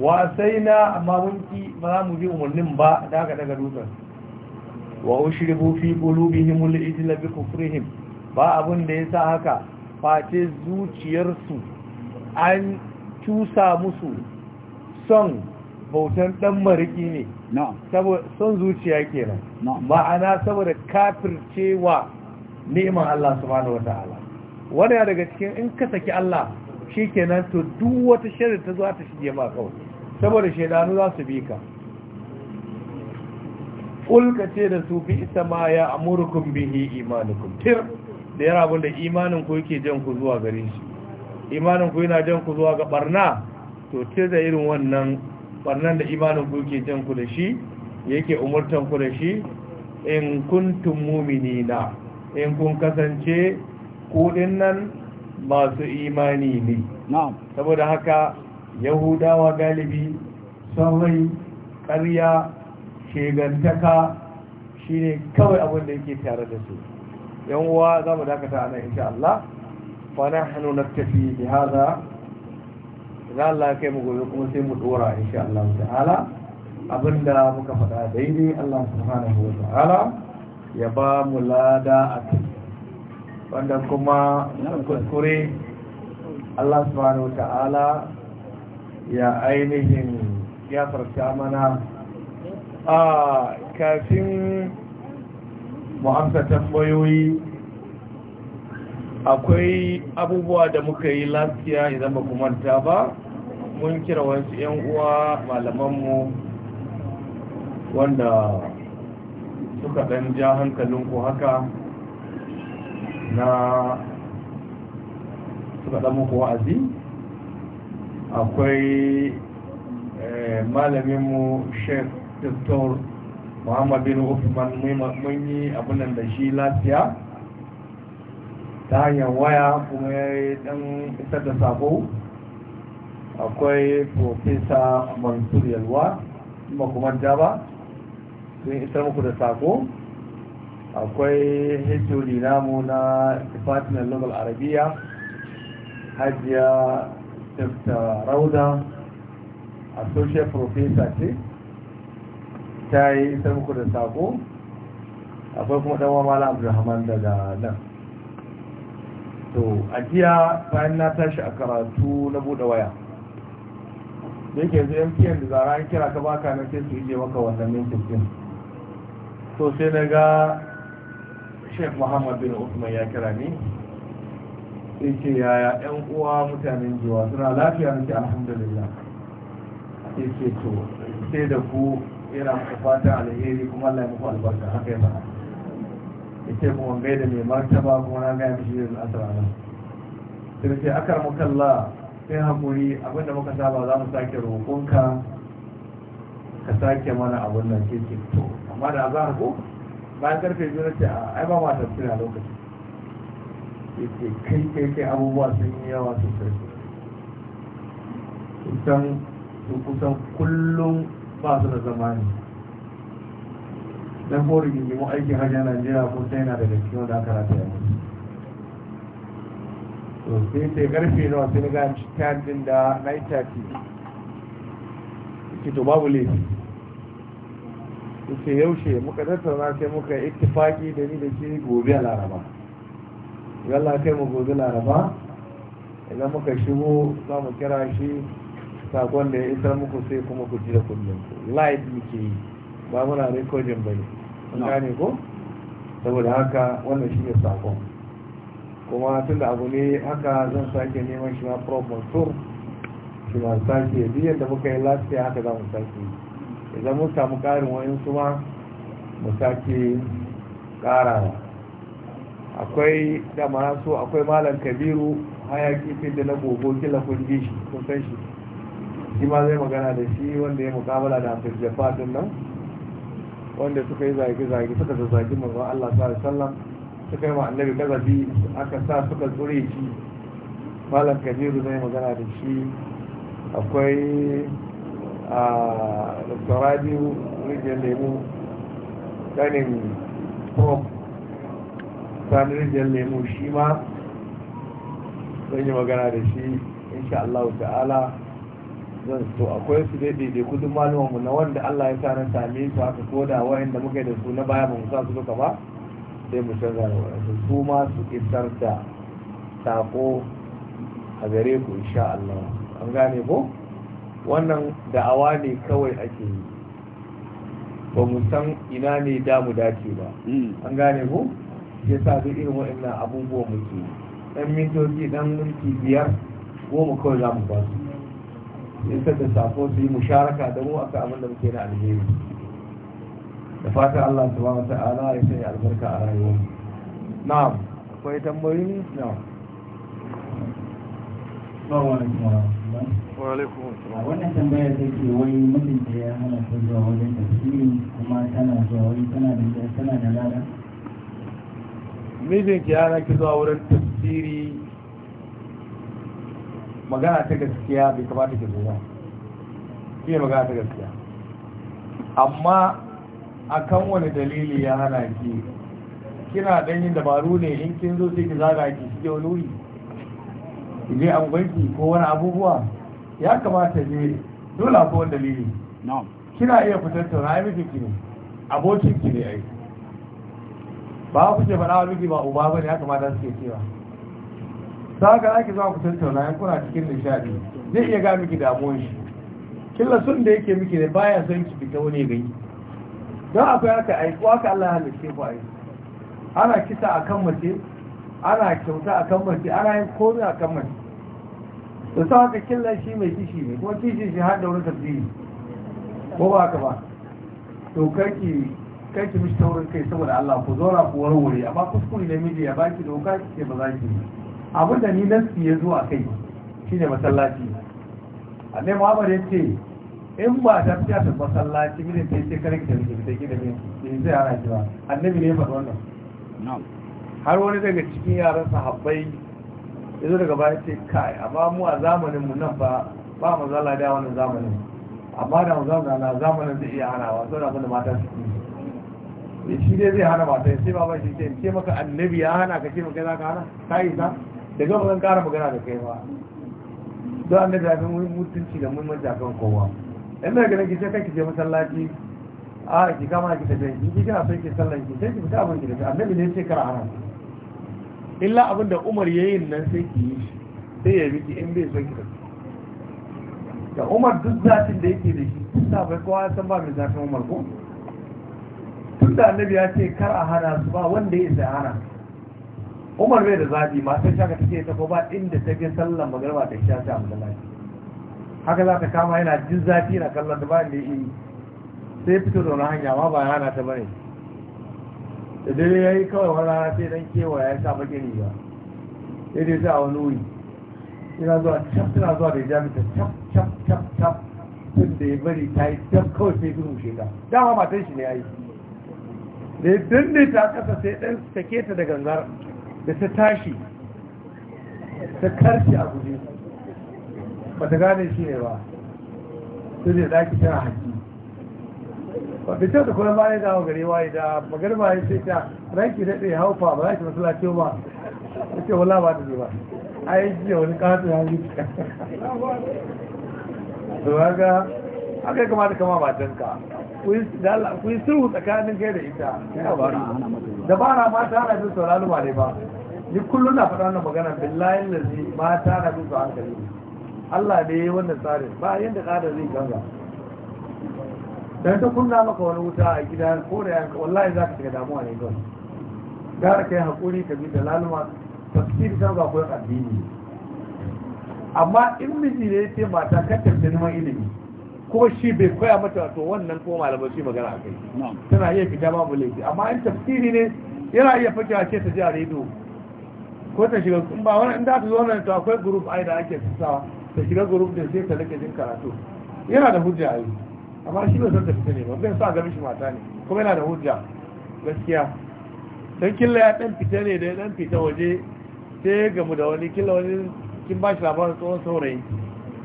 wa sai na amma mun ki ba za mu ji umarnin ba daga daga dutsen wa ushribu fi qulubihim al-ijla bi kufrihim ba abun da yasa haka face zuciyarsu an cusa musu son bautan dan mariki ne saboda son zuciya kenan ma'ana saboda kafircewa neman Allah subhanahu wataala wanda daga cikin in ka saki Allah shikenan to duk wata sharri ta zo ta shige ma kawai saboda shedanu za su bi ka kulka ce da su fi isa ma ya amurkun bihi imanukun tir da yara abinda imanin ku yake jan ku zuwa gare shi imanin ku yana jan ku zuwa ga barna to tir da irin wannan barnan da imanin ku yake jan ku da shi yake umurtan ku da shi in kuntum mu'minina in kun kasance ku nan masu imani ne saboda haka yahudawa galibi sarai ƙarya shegantaka ne kawai abinda da yake tare da su yan uwa za mu dakata ana insha Allah fa na tafi da haza za Allah ya kai mu gobe kuma sai mu dora insha Allah ta'ala abinda muka faɗa daidai Allah subhanahu wa ta'ala ya ba mu lada a kai wanda kuma kuskure Allah subhanahu wa ta'ala ya ainihin ya farta mana a kafin mu amsa tambayoyi akwai abubuwa da muka yi lafiya idan ba manta ba mun kira wasu 'yan uwa malamanmu wanda suka ɗan ja hankalinku haka na suka ɗan muku wa'azi akwai eh, malaminmu sheikh doktor muhammad bin Uthman mun yi nan da shi lafiya ta hanyar waya kuma ya yi dan isar da sako akwai profesa mansur yalwa kuma kuma jaba, sun isar muku da sako akwai hajjoli namu na department local arabiya hajiya dr rauda associate professor ce ta yi da sako akwai kuma ɗanwa mala abdulrahman daga nan to a jiya bayan na tashi a karatu na buɗe waya da yake yanzu fiye da zara an kira ka baka na sai su ije maka wannan mintin din to sai na ga sheikh muhammad bin usman ya kira ni sai ce yaya yan uwa mutanen jiwa suna lafiya nake alhamdulillah sai ce to sai da ku yana muku fata alheri kuma Allah ya muku albarka haka ya fara yace kuma bai da mai martaba kuma na ga mishi da asara nan sai ce akar mu kalla sai hakuri abinda muka saba za mu sake roƙonka ka sake mana abin nan ke ke to amma da azhar ko bayan karfe biyu ce ai ba ma tafsira lokaci yace kai kai kai abubuwa sun yi yawa sosai kusan kusan kullum ba su da zamani don ko rigingimu aikin hajji a najeriya ko sai na da cikin wanda aka rata ya mutu to sai sai karfe nawa sai ga cikin da na yi tafi ki to babu laifi ce yaushe muka tattauna sai muka ittifaki da ni da ke gobe a laraba yalla kai mu gobe laraba idan muka shigo za mu kira shi sakon da ya isar muku sai kuma ku ji da kullum live muke yi ba muna recording ba ne an gane ko saboda haka wannan shi ne sakon kuma tun da abu ne haka zan sake neman shi ma prof mansur shi ma sake biyan da muka yi last year haka za mu sake idan mun samu karin wayan su ma mu sake karawa akwai da masu akwai malam kabiru hayaki fi da na gogo kila kun ji shi kun san shi shi ma zai magana da shi wanda ya mukabala da abdul jabbar din nan wanda suka yi zage-zage suka zazzagi manzo Allah sallallahu alaihi wasallam suka yi wa annabi kazabi aka sa suka tsure shi malam kajiru zai magana da shi akwai a dr rabiu rijiyar lemu ganin pop sani rijiyar lemu shi ma zai yi magana da shi insha Allah ta'ala zan to akwai su dai daidai kudin mu na wanda Allah ya sa na same su haka ko da wayanda muka yi da su na baya ba mu sa su duka ba sai mu canza da wani su ma su isar da sako a gare ku insha Allah an gane ko wannan da'awa ne kawai ake yi ba mu san ina ne da mu dace ba hmm. an gane ko ya sa duk irin waɗannan abubuwan muke dan mintoci dan minti biyar goma kawai za mu ba su In da sako su yi musharaka da mu akan abin da muke da alheri da fatan Allah subhanahu wata'ala ya sai albarka a rayuwar na'am akwai tambayoyi na'am wannan tambayar ta ke wai mijinta ya hana ta zuwa wajen tafsiri kuma tana zuwa wai tana da tana da lada mijinki ya hana ki zuwa wurin tafsiri magana ta gaskiya bai kamata ke zuwa shi ne magana ta gaskiya amma a kan wani dalili ya hana ki kina dan yin dabaru ne in kin zo sai ki zaga ki shige wani wuri ki je an gwanki ko wani abubuwa ya kamata ne dole ko wani dalili kina iya fitar tauna ya miki ki ne abokin ki ne ai ba ku ce faɗa miki ba uba ne ya kamata su ke cewa ta haka za ki za ku tattauna yan kuna cikin nishadi zai iya ga miki damuwan shi killa sun da yake miki ne baya son ki fita wani gani don akwai haka ko haka Allah ya halice ku ai ana kisa akan mace ana kyauta akan mace ana yin komai akan mace da sai haka killa shi mai kishi ne ko kishi shi har da wani tafsiri ko ba ka ba to karki ki mishi taurin kai saboda Allah ku zauna ku warware amma kuskure ne miji ya baki doka ki ce ba za ki yi abin da ni na ya zo a kai shine masallaci ne Muhammadu ya ce in ba ta fiya ta masallaci mini ta ce kare ki da ki da ki da ki zai hana ki ba annabi ne ya faɗi wannan har wani daga cikin yaran sahabbai ya zo daga baya ce kai amma mu a zamanin mu nan ba ba mu zala da wannan zamanin amma da mu zamanin na zamanin zai iya hanawa sau da abin da mata su ne shi dai zai hana mata sai ba ba shi ce maka annabi ya hana ka ce maka za ka hana ka yi za daga ba zan kara magana da kai ba don an da zafin mutunci da muhimmanci akan kowa yan da ganin ki sai kai ki je masallaci a ki kama ki ta janki ki kina sai ki sallan ki sai ki fita abin ki da annabi ne sai kar illa abin da Umar yayin nan sai ki yi sai ya biki in bai son ki da Umar duk zafin da yake da shi sa bai kowa ya san ba mai zafin Umar ko tun da annabi ya ce kar a hana su ba wanda ya isa hana umar bai da zaɓi masu shaka take ta ko ba inda ta bi sallan magarba ta sha ta masallaci haka za ta kama yana jin zafi na kallon da bayan da ya yi sai fito da wani hanya ma ba hana ta ne da dare ya yi kawai wani rana sai dan kewa ya sa baƙin ba. sai dai sa wani wuri ina zuwa cap tana zuwa da Jami ta cap cap cap cap tun da ya bari ta yi cap kawai sai duhu shi ta dama matan shi ne ya yi da ya danne ta kasa sai ɗan sake ta da gangar da ta tashi ta karshe a guje ba ta gane shi ne ba su ne daki tana haƙi ba ta ce da kuma bayan zama gare waye da magarba ya ce ta ranki daɗe haufa ba za ki masalace ba ta ce wala ba da ne ba a yi jiya wani ƙasa ya yi ta ga haka ya kamata kama ka ku yi sulhu tsakanin kai da ita da ba na mata na jin saurari ba ne ba ni kullum na faɗa wannan magana billahi lazi mata na jin su hankali Allah ne ya yi wannan tsarin ba yadda ƙada zai ganga don ta kunna maka wani wuta a gida ko da yanka wallahi za ka shiga damuwa ne kawai gara kai haƙuri ka bi da laluma tafsiri ta ba koyon addini amma in miji ne ya ce mata kan tafi neman ilimi Ko shi bai koya mata to wannan ko malamin shi magana a kai tana iya fita babu laifi amma in tafsiri ne yana iya fakewa ce ta ji a rediyo ko ta shiga ba wani inda ta zo wannan to akwai group ai da ake tsawa ta shiga group din sai ta rike jin karatu yana da hujja ai amma shi bai san ta fita ne ba bai sa ga shi mata ne kuma yana da hujja gaskiya Dan killa ya dan fita ne da ya dan fita waje sai gamu da wani killa wani kin ba shi labarin tsohon saurayi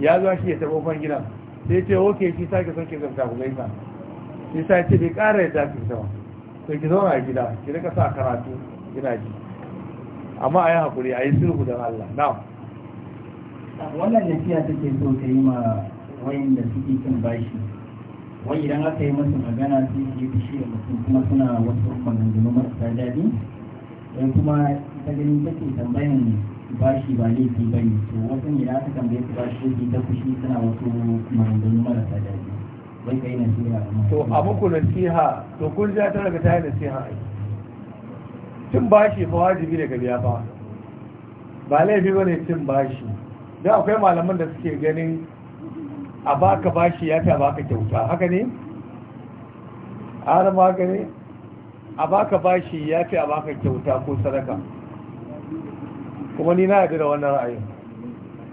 ya zo shi ya taɓa kwan gidan sai ce oke shi sake son ki zanta ku gaisa shi sai ce bai kara yadda ki sama sai ki zauna a gida ki rika sa karatu gina ji amma a yi haƙuri a yi sulhu don Allah na wannan nasiya take so ta yi ma wayan da suke cin bashi wai idan aka yi masa magana su yi fushi da mutum kuma suna wasu kwanangunu masu daɗi don kuma ita ganin take tambayan bashi ba laifi ba ne to wasu ne da aka tambaye su bashi laifi ta fushi suna wasu maganganu marasa daɗi bai kai nasiha to a muku nasiha to kun ja ta daga ta yi nasiha ai cin bashi fa wajibi ne ka biya fa ba laifi ba ne cin bashi don akwai malaman da suke ganin a baka bashi ya ta baka kyauta haka ne a haka ne a baka bashi ya ce a baka kyauta ko sadaka kuma ni na yadda da wannan ra'ayin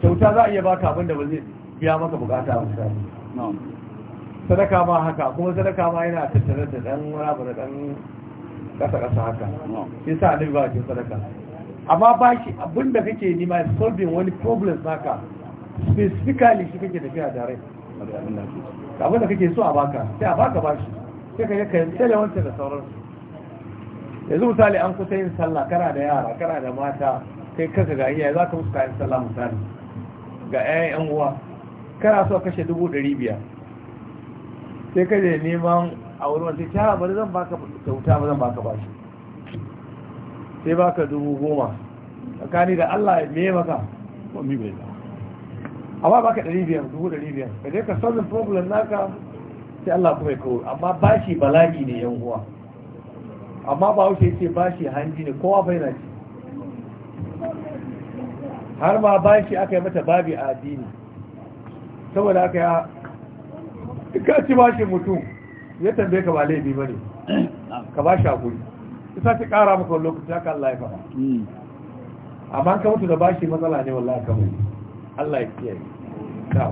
kyauta za a iya baka abinda ba zai biya maka bukata a misali sadaka ma haka kuma sadaka ma yana tattare da dan wani da dan kasa kasa haka shi sa annabi ba cikin sadaka amma ba shi abinda da kake nima solving wani problem naka specifically shi kake tafiya da rai abin da kake so a baka sai a baka ba shi sai ka yi ka yanzu wancan da sauransu yanzu misali an kusa yin sallah kana da yara kana da mata kai kanka ga iya za ka musu kayan salamu sani ga ƴaƴan uwa kana so kashe dubu ɗari biyar sai ka je neman a wurin wasu ta bari zan baka kyauta ba zan baka bashi sai baka dubu goma tsakani da Allah ya me maka wani bai a amma baka ɗari biyar dubu ɗari biyar ka je ka sauzin problem naka sai Allah kuma ya kawo amma bashi bala'i ne yan uwa amma ba wuce ce bashi hanji ne kowa bai na ci har ma bashi aka yi mata babi a addini saboda aka yi a kaci bashi mutum ya tambaye ka ba laifi ba ne ka ba shi hakuri isa ta kara maka lokaci haka Allah ya faɗa hmm. amma ka mutu da bashi matsala ne wallahi ka mutu Allah ya kiyaye ta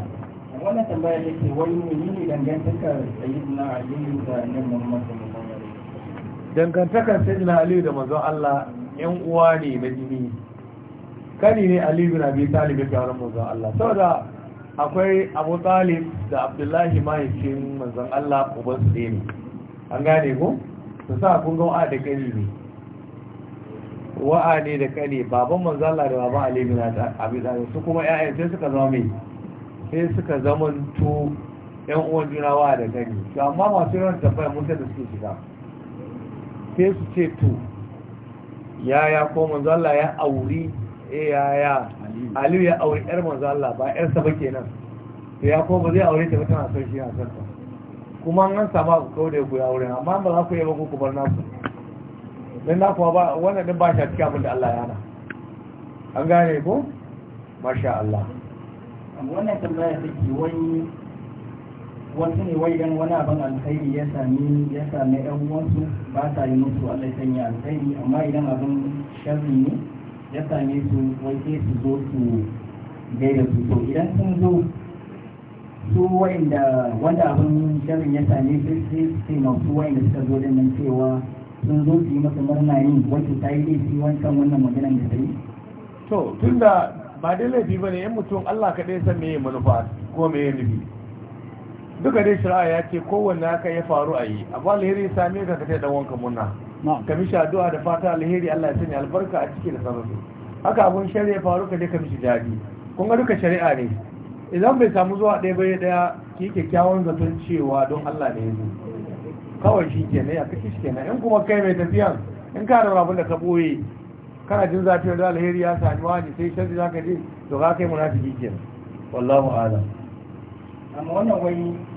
wannan tambaya ke wani menene dangantakar sayyidina aliyu da annabi Muhammad sallallahu alaihi wasallam dangantakar sayyidina aliyu da manzon Allah yan uwa ne na jini kani ne ali bin abi talib ya kawo manzon Allah saboda akwai abu talib da abdullahi mahaifin manzon Allah ubansu su ne an gane ko su sa kun ga wa'a da kani ne wa'a ne da kani baban manzon Allah da baban ali bin abi talib su kuma ƴaƴan sai suka zama mai sai suka zama to ƴan uwan juna wa'a da kani to amma masu yawan tambaya mun da suke shiga sai su ce to yaya ko manzon Allah ya auri eh yaya aliyu ya aure yar manzo Allah ba yar sa ba nan to ya koma zai aure ta ba tana son shi na son ta kuma an samu abu kawai da ku ya aure amma ba za ku yi ku bar nasu dan na kuma ba wannan din ba shi cikin abin da Allah ya na an gane ko masha Allah wannan tambaya take wai wasu ne wai idan wani abin alkhairi ya sami ya sami yan uwansu ba sa yi musu Allah ya sanya alkhairi amma idan abin sharri ne ya same su wace su zo su gaida su to idan sun zo su wa'inda wanda abin shirin ya same su sai su masu wa'inda suka zo din nan cewa sun zo su yi masa murna ne wacce ta yi laifi wancan wannan maganan da ta yi. to tun da ba dai laifi ba ne yan mutum allah kaɗai san me manufa ko me nufi duka dai shari'a ya ce kowanne haka ya faru a yi abu lahiri same ka ka ta dan wanka murna ka mishi addu'a da fata alheri Allah ya sani albarka a ciki da sababi haka abun shari'a faru ka je ka mishi jadi kun ga duka shari'a ne idan bai samu zuwa ɗaya bai ɗaya ki kyakkyawan zaton cewa don Allah ne yanzu kawai shi ke ya kashi shi kenan in kuma kai mai tafiyan in ka raba abin da ka ɓoye kana jin zafi da alheri ya sami wani sai shari za ka je to ka kai munafiki kenan wallahu a'lam amma wannan wai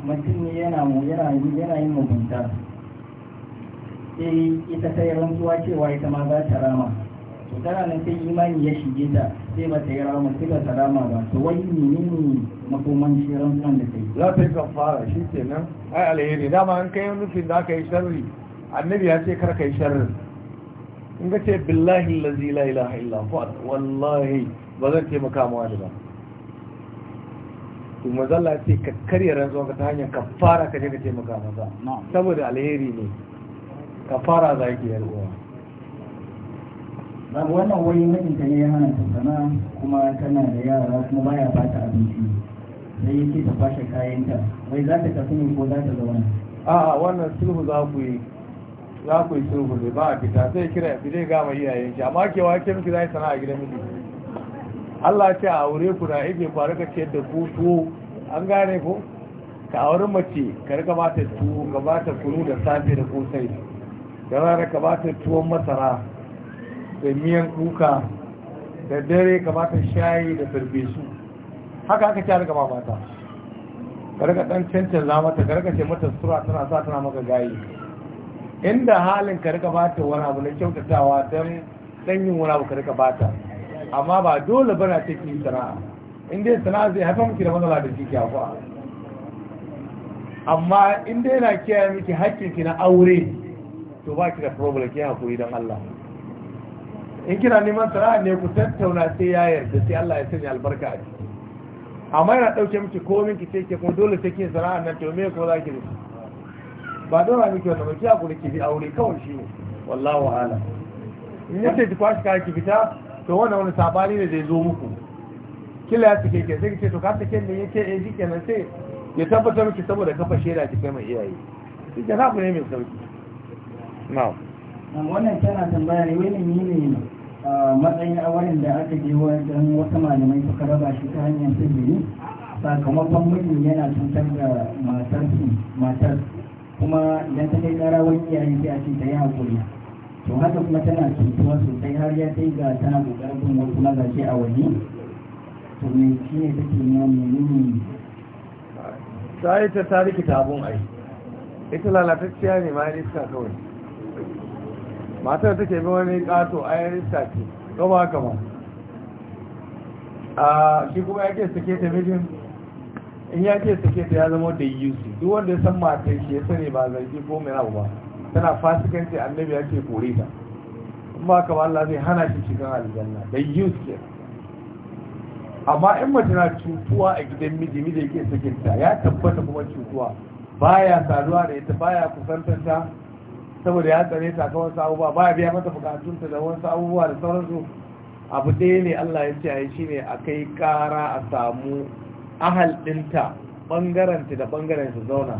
mutum ne yana yana yana yin mugunta sai ita ta rantsuwa cewa ita ma za ta rama to tana nan sai imani ya shige ta sai ba ta yi rama sai ba ta rama ba to wai menene makoman shi rantsuwan da kai za ta yi kafara shi ke nan ai alheri dama an kai nufin da aka yi sharri annabi ya ce kar ka yi sharri in ka ce billahi lazi la ilaha illa wallahi ba zan taimaka ma wani ba to mazalla ce ka karya rantsuwa ta hanyar kafara ka je ka taimaka masa saboda alheri ne kafara za ki yar uwa babu wannan wani mijinta ne ya hana tattana kuma tana da yara kuma baya ba ta abinci sai ce ta fashe kayanta wai za ta tafi ne ko za ta zauna a'a wannan sulhu za ku yi za ku yi sulhu ne ba a fita sai kira ya fide gama iyayen shi amma ke wake miki za yi sana a gidan miji Allah ce a aure ku na ibe ku harka ce da ku tuwo an gane ku? ka aure mace ka rika ba ta tuwo ka ba ta kunu da safe da kosai da rana ka ba ta tuwon masara da miyan kuka da dare ka ba ta shayi da su. haka aka ci harga mamata karka dan cancanza mata karka ce mata sura tana sa tana maka gayi inda halin karka ba ta wani abu na kyautatawa don ɗanyin wani abu karka ba ta amma ba dole bana ce yi sana'a in dai sana'a zai haifa muke da matsala da kike hafa amma in yana kiyaye miki haƙƙinki na aure to ba ki da problem ki hakuri don Allah in kina neman sana'a ne ku tattauna sai ya yarda sai Allah ya sanya albarka a ciki amma yana dauke miki komin ki ce ki kuma dole sai kin sana'a nan to me ko za ki rufe ba dora miki wannan ba ki hakuri ki bi aure kawai shi ne wallahu ala in yace ki kwashi kaya ki fita to wannan wani sabani ne zai zo muku kila ya take ke sai ki ce to ka take ne yake eh kenan sai ya tabbatar miki saboda kafa sheda ki kai mai iyaye ku ne mai sauki na'am ah, wannan tana tambaya ne wani ne ah, matsayin auren da aka je wajen wata malamai suka raba shi ta hanyar sirri sakamakon mijin yana cutar da matar matar kuma idan ta kai kara wani yayin sai a ce ta yi hakuri to haka kuma tana cutuwa sosai har ya kai ga tana kokarin bin wasu mazaje a waje to me shi ne take nuna menene sai ta tariki tabun ai ita lalatacciya ne ma ne suka kawai matar take bi wani kato a yayin take ko ba haka ma, a shi kuma yake sake ta mijin in yake sake ta ya zama da yusi duk wanda ya san matar shi ya sani ba zargi ko mai abu ba tana fasikanci annabi ke kore ta in ba haka ba Allah zai hana shi cikin aljanna da yusi amma in mace na cutuwa a gidan miji miji ke sakinta ya tabbata kuma cutuwa baya saduwa da ita baya kusantanta saboda ya tsare ta ka wasu abubuwa ba ya biya mata bukatunta da wasu abubuwa da sauransu abu ɗaya ne Allah ya ce a yi shine a kai ƙara a samu ahal ɗinta ɓangaranta da ɓangaren su zauna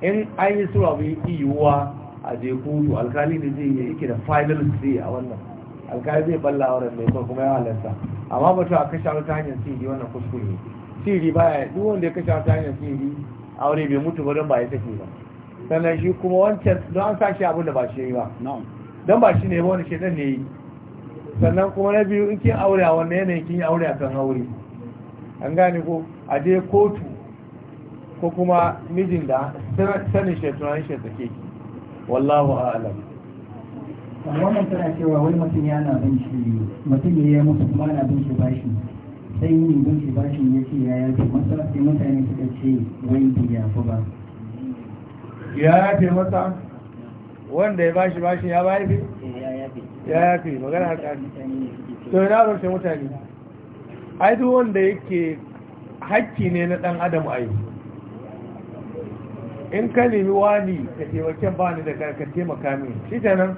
in an yi su abu yiwuwa a je kudu alkali ne zai yi yake da final say a wannan alkali zai balla wurin mai ko kuma ya halarta amma ba a kashe wata hanyar sihiri wannan kuskure sihiri baya duk wanda ya kashe wata hanyar sihiri aure bai mutu ba don ba ya take ba sannan shi kuma wancan don an sa shi abin da ba shi yi ba don ba shi ne ba wani shaidan ne yi sannan kuma na biyu in kin aure a wannan yanayin kin yi aure a kan aure an gane ko a je kotu ko kuma mijin da sanin shaitunan shi sake wallahu a'alam wannan tana cewa wani mutum ya na bin shi mutum ya yi musu kuma na bin shi bashi sai yin bin shi bashin ya ce ya yafi masa sai mutane suka ce wani biya ko ba ya yafe masa wanda ya bashi bashi ya bayafi ya yafe magana harkar to yana rushe mutane ai wanda yake hakki ne na dan adam ayi in ka nemi wani ka taimake ba ni da ka taimaka min shi kenan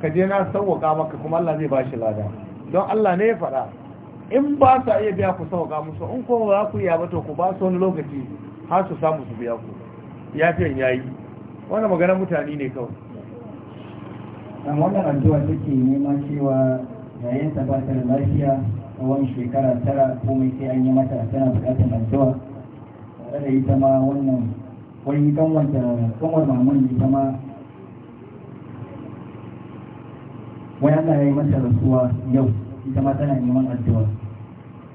ka je na sauwaka maka kuma Allah zai bashi lada don Allah ne ya faɗa in ba su iya biya ku sauka musu in kuma ba ku iya ba to ku ba su wani lokaci har su samu su biya ku ya ce ya yi wani maganar mutane ne kawai a wannan addu'a suke neman cewa yayin ta ba ta da lafiya tsawon shekara tara komai sai an yi mata tana buƙatar addu'a tare da ita ma wannan wani kanwanta kanwar maman ta ma wani Allah ya yi mata rasuwa yau ita ma tana neman addu'a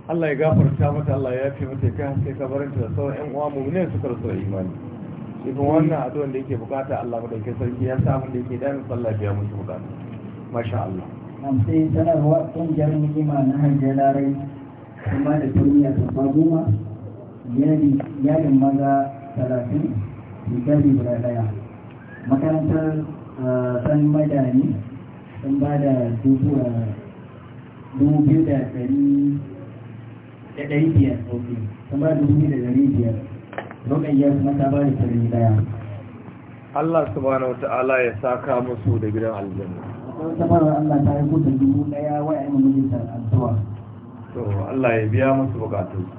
Allah ya gafarta mata Allah ya fi mata kai sai kabarinta da sauran 'yan uwa mu ne suka rasu imani cikin wannan addu'ar da yake bukata Allah mu dauke sarki ya samu da yake dan sallah biya musu bukata masha Allah an sai tana ruwa tun jarin jima na larai kuma da duniya ta faguma yalin maza talatin gari guda daya makarantar san madani sun ba da dubu dubu biyu da dari da dari biyar sun ba da dubu biyu da dari biyar rukayya kuma ta ta sirri daya Allah subhanahu wata'ala ya saka musu da gidan aljanna akwai tabarwar Allah ta yi kuta dubu daya wa'yan majalisar addu'a to Allah ya biya musu bukatun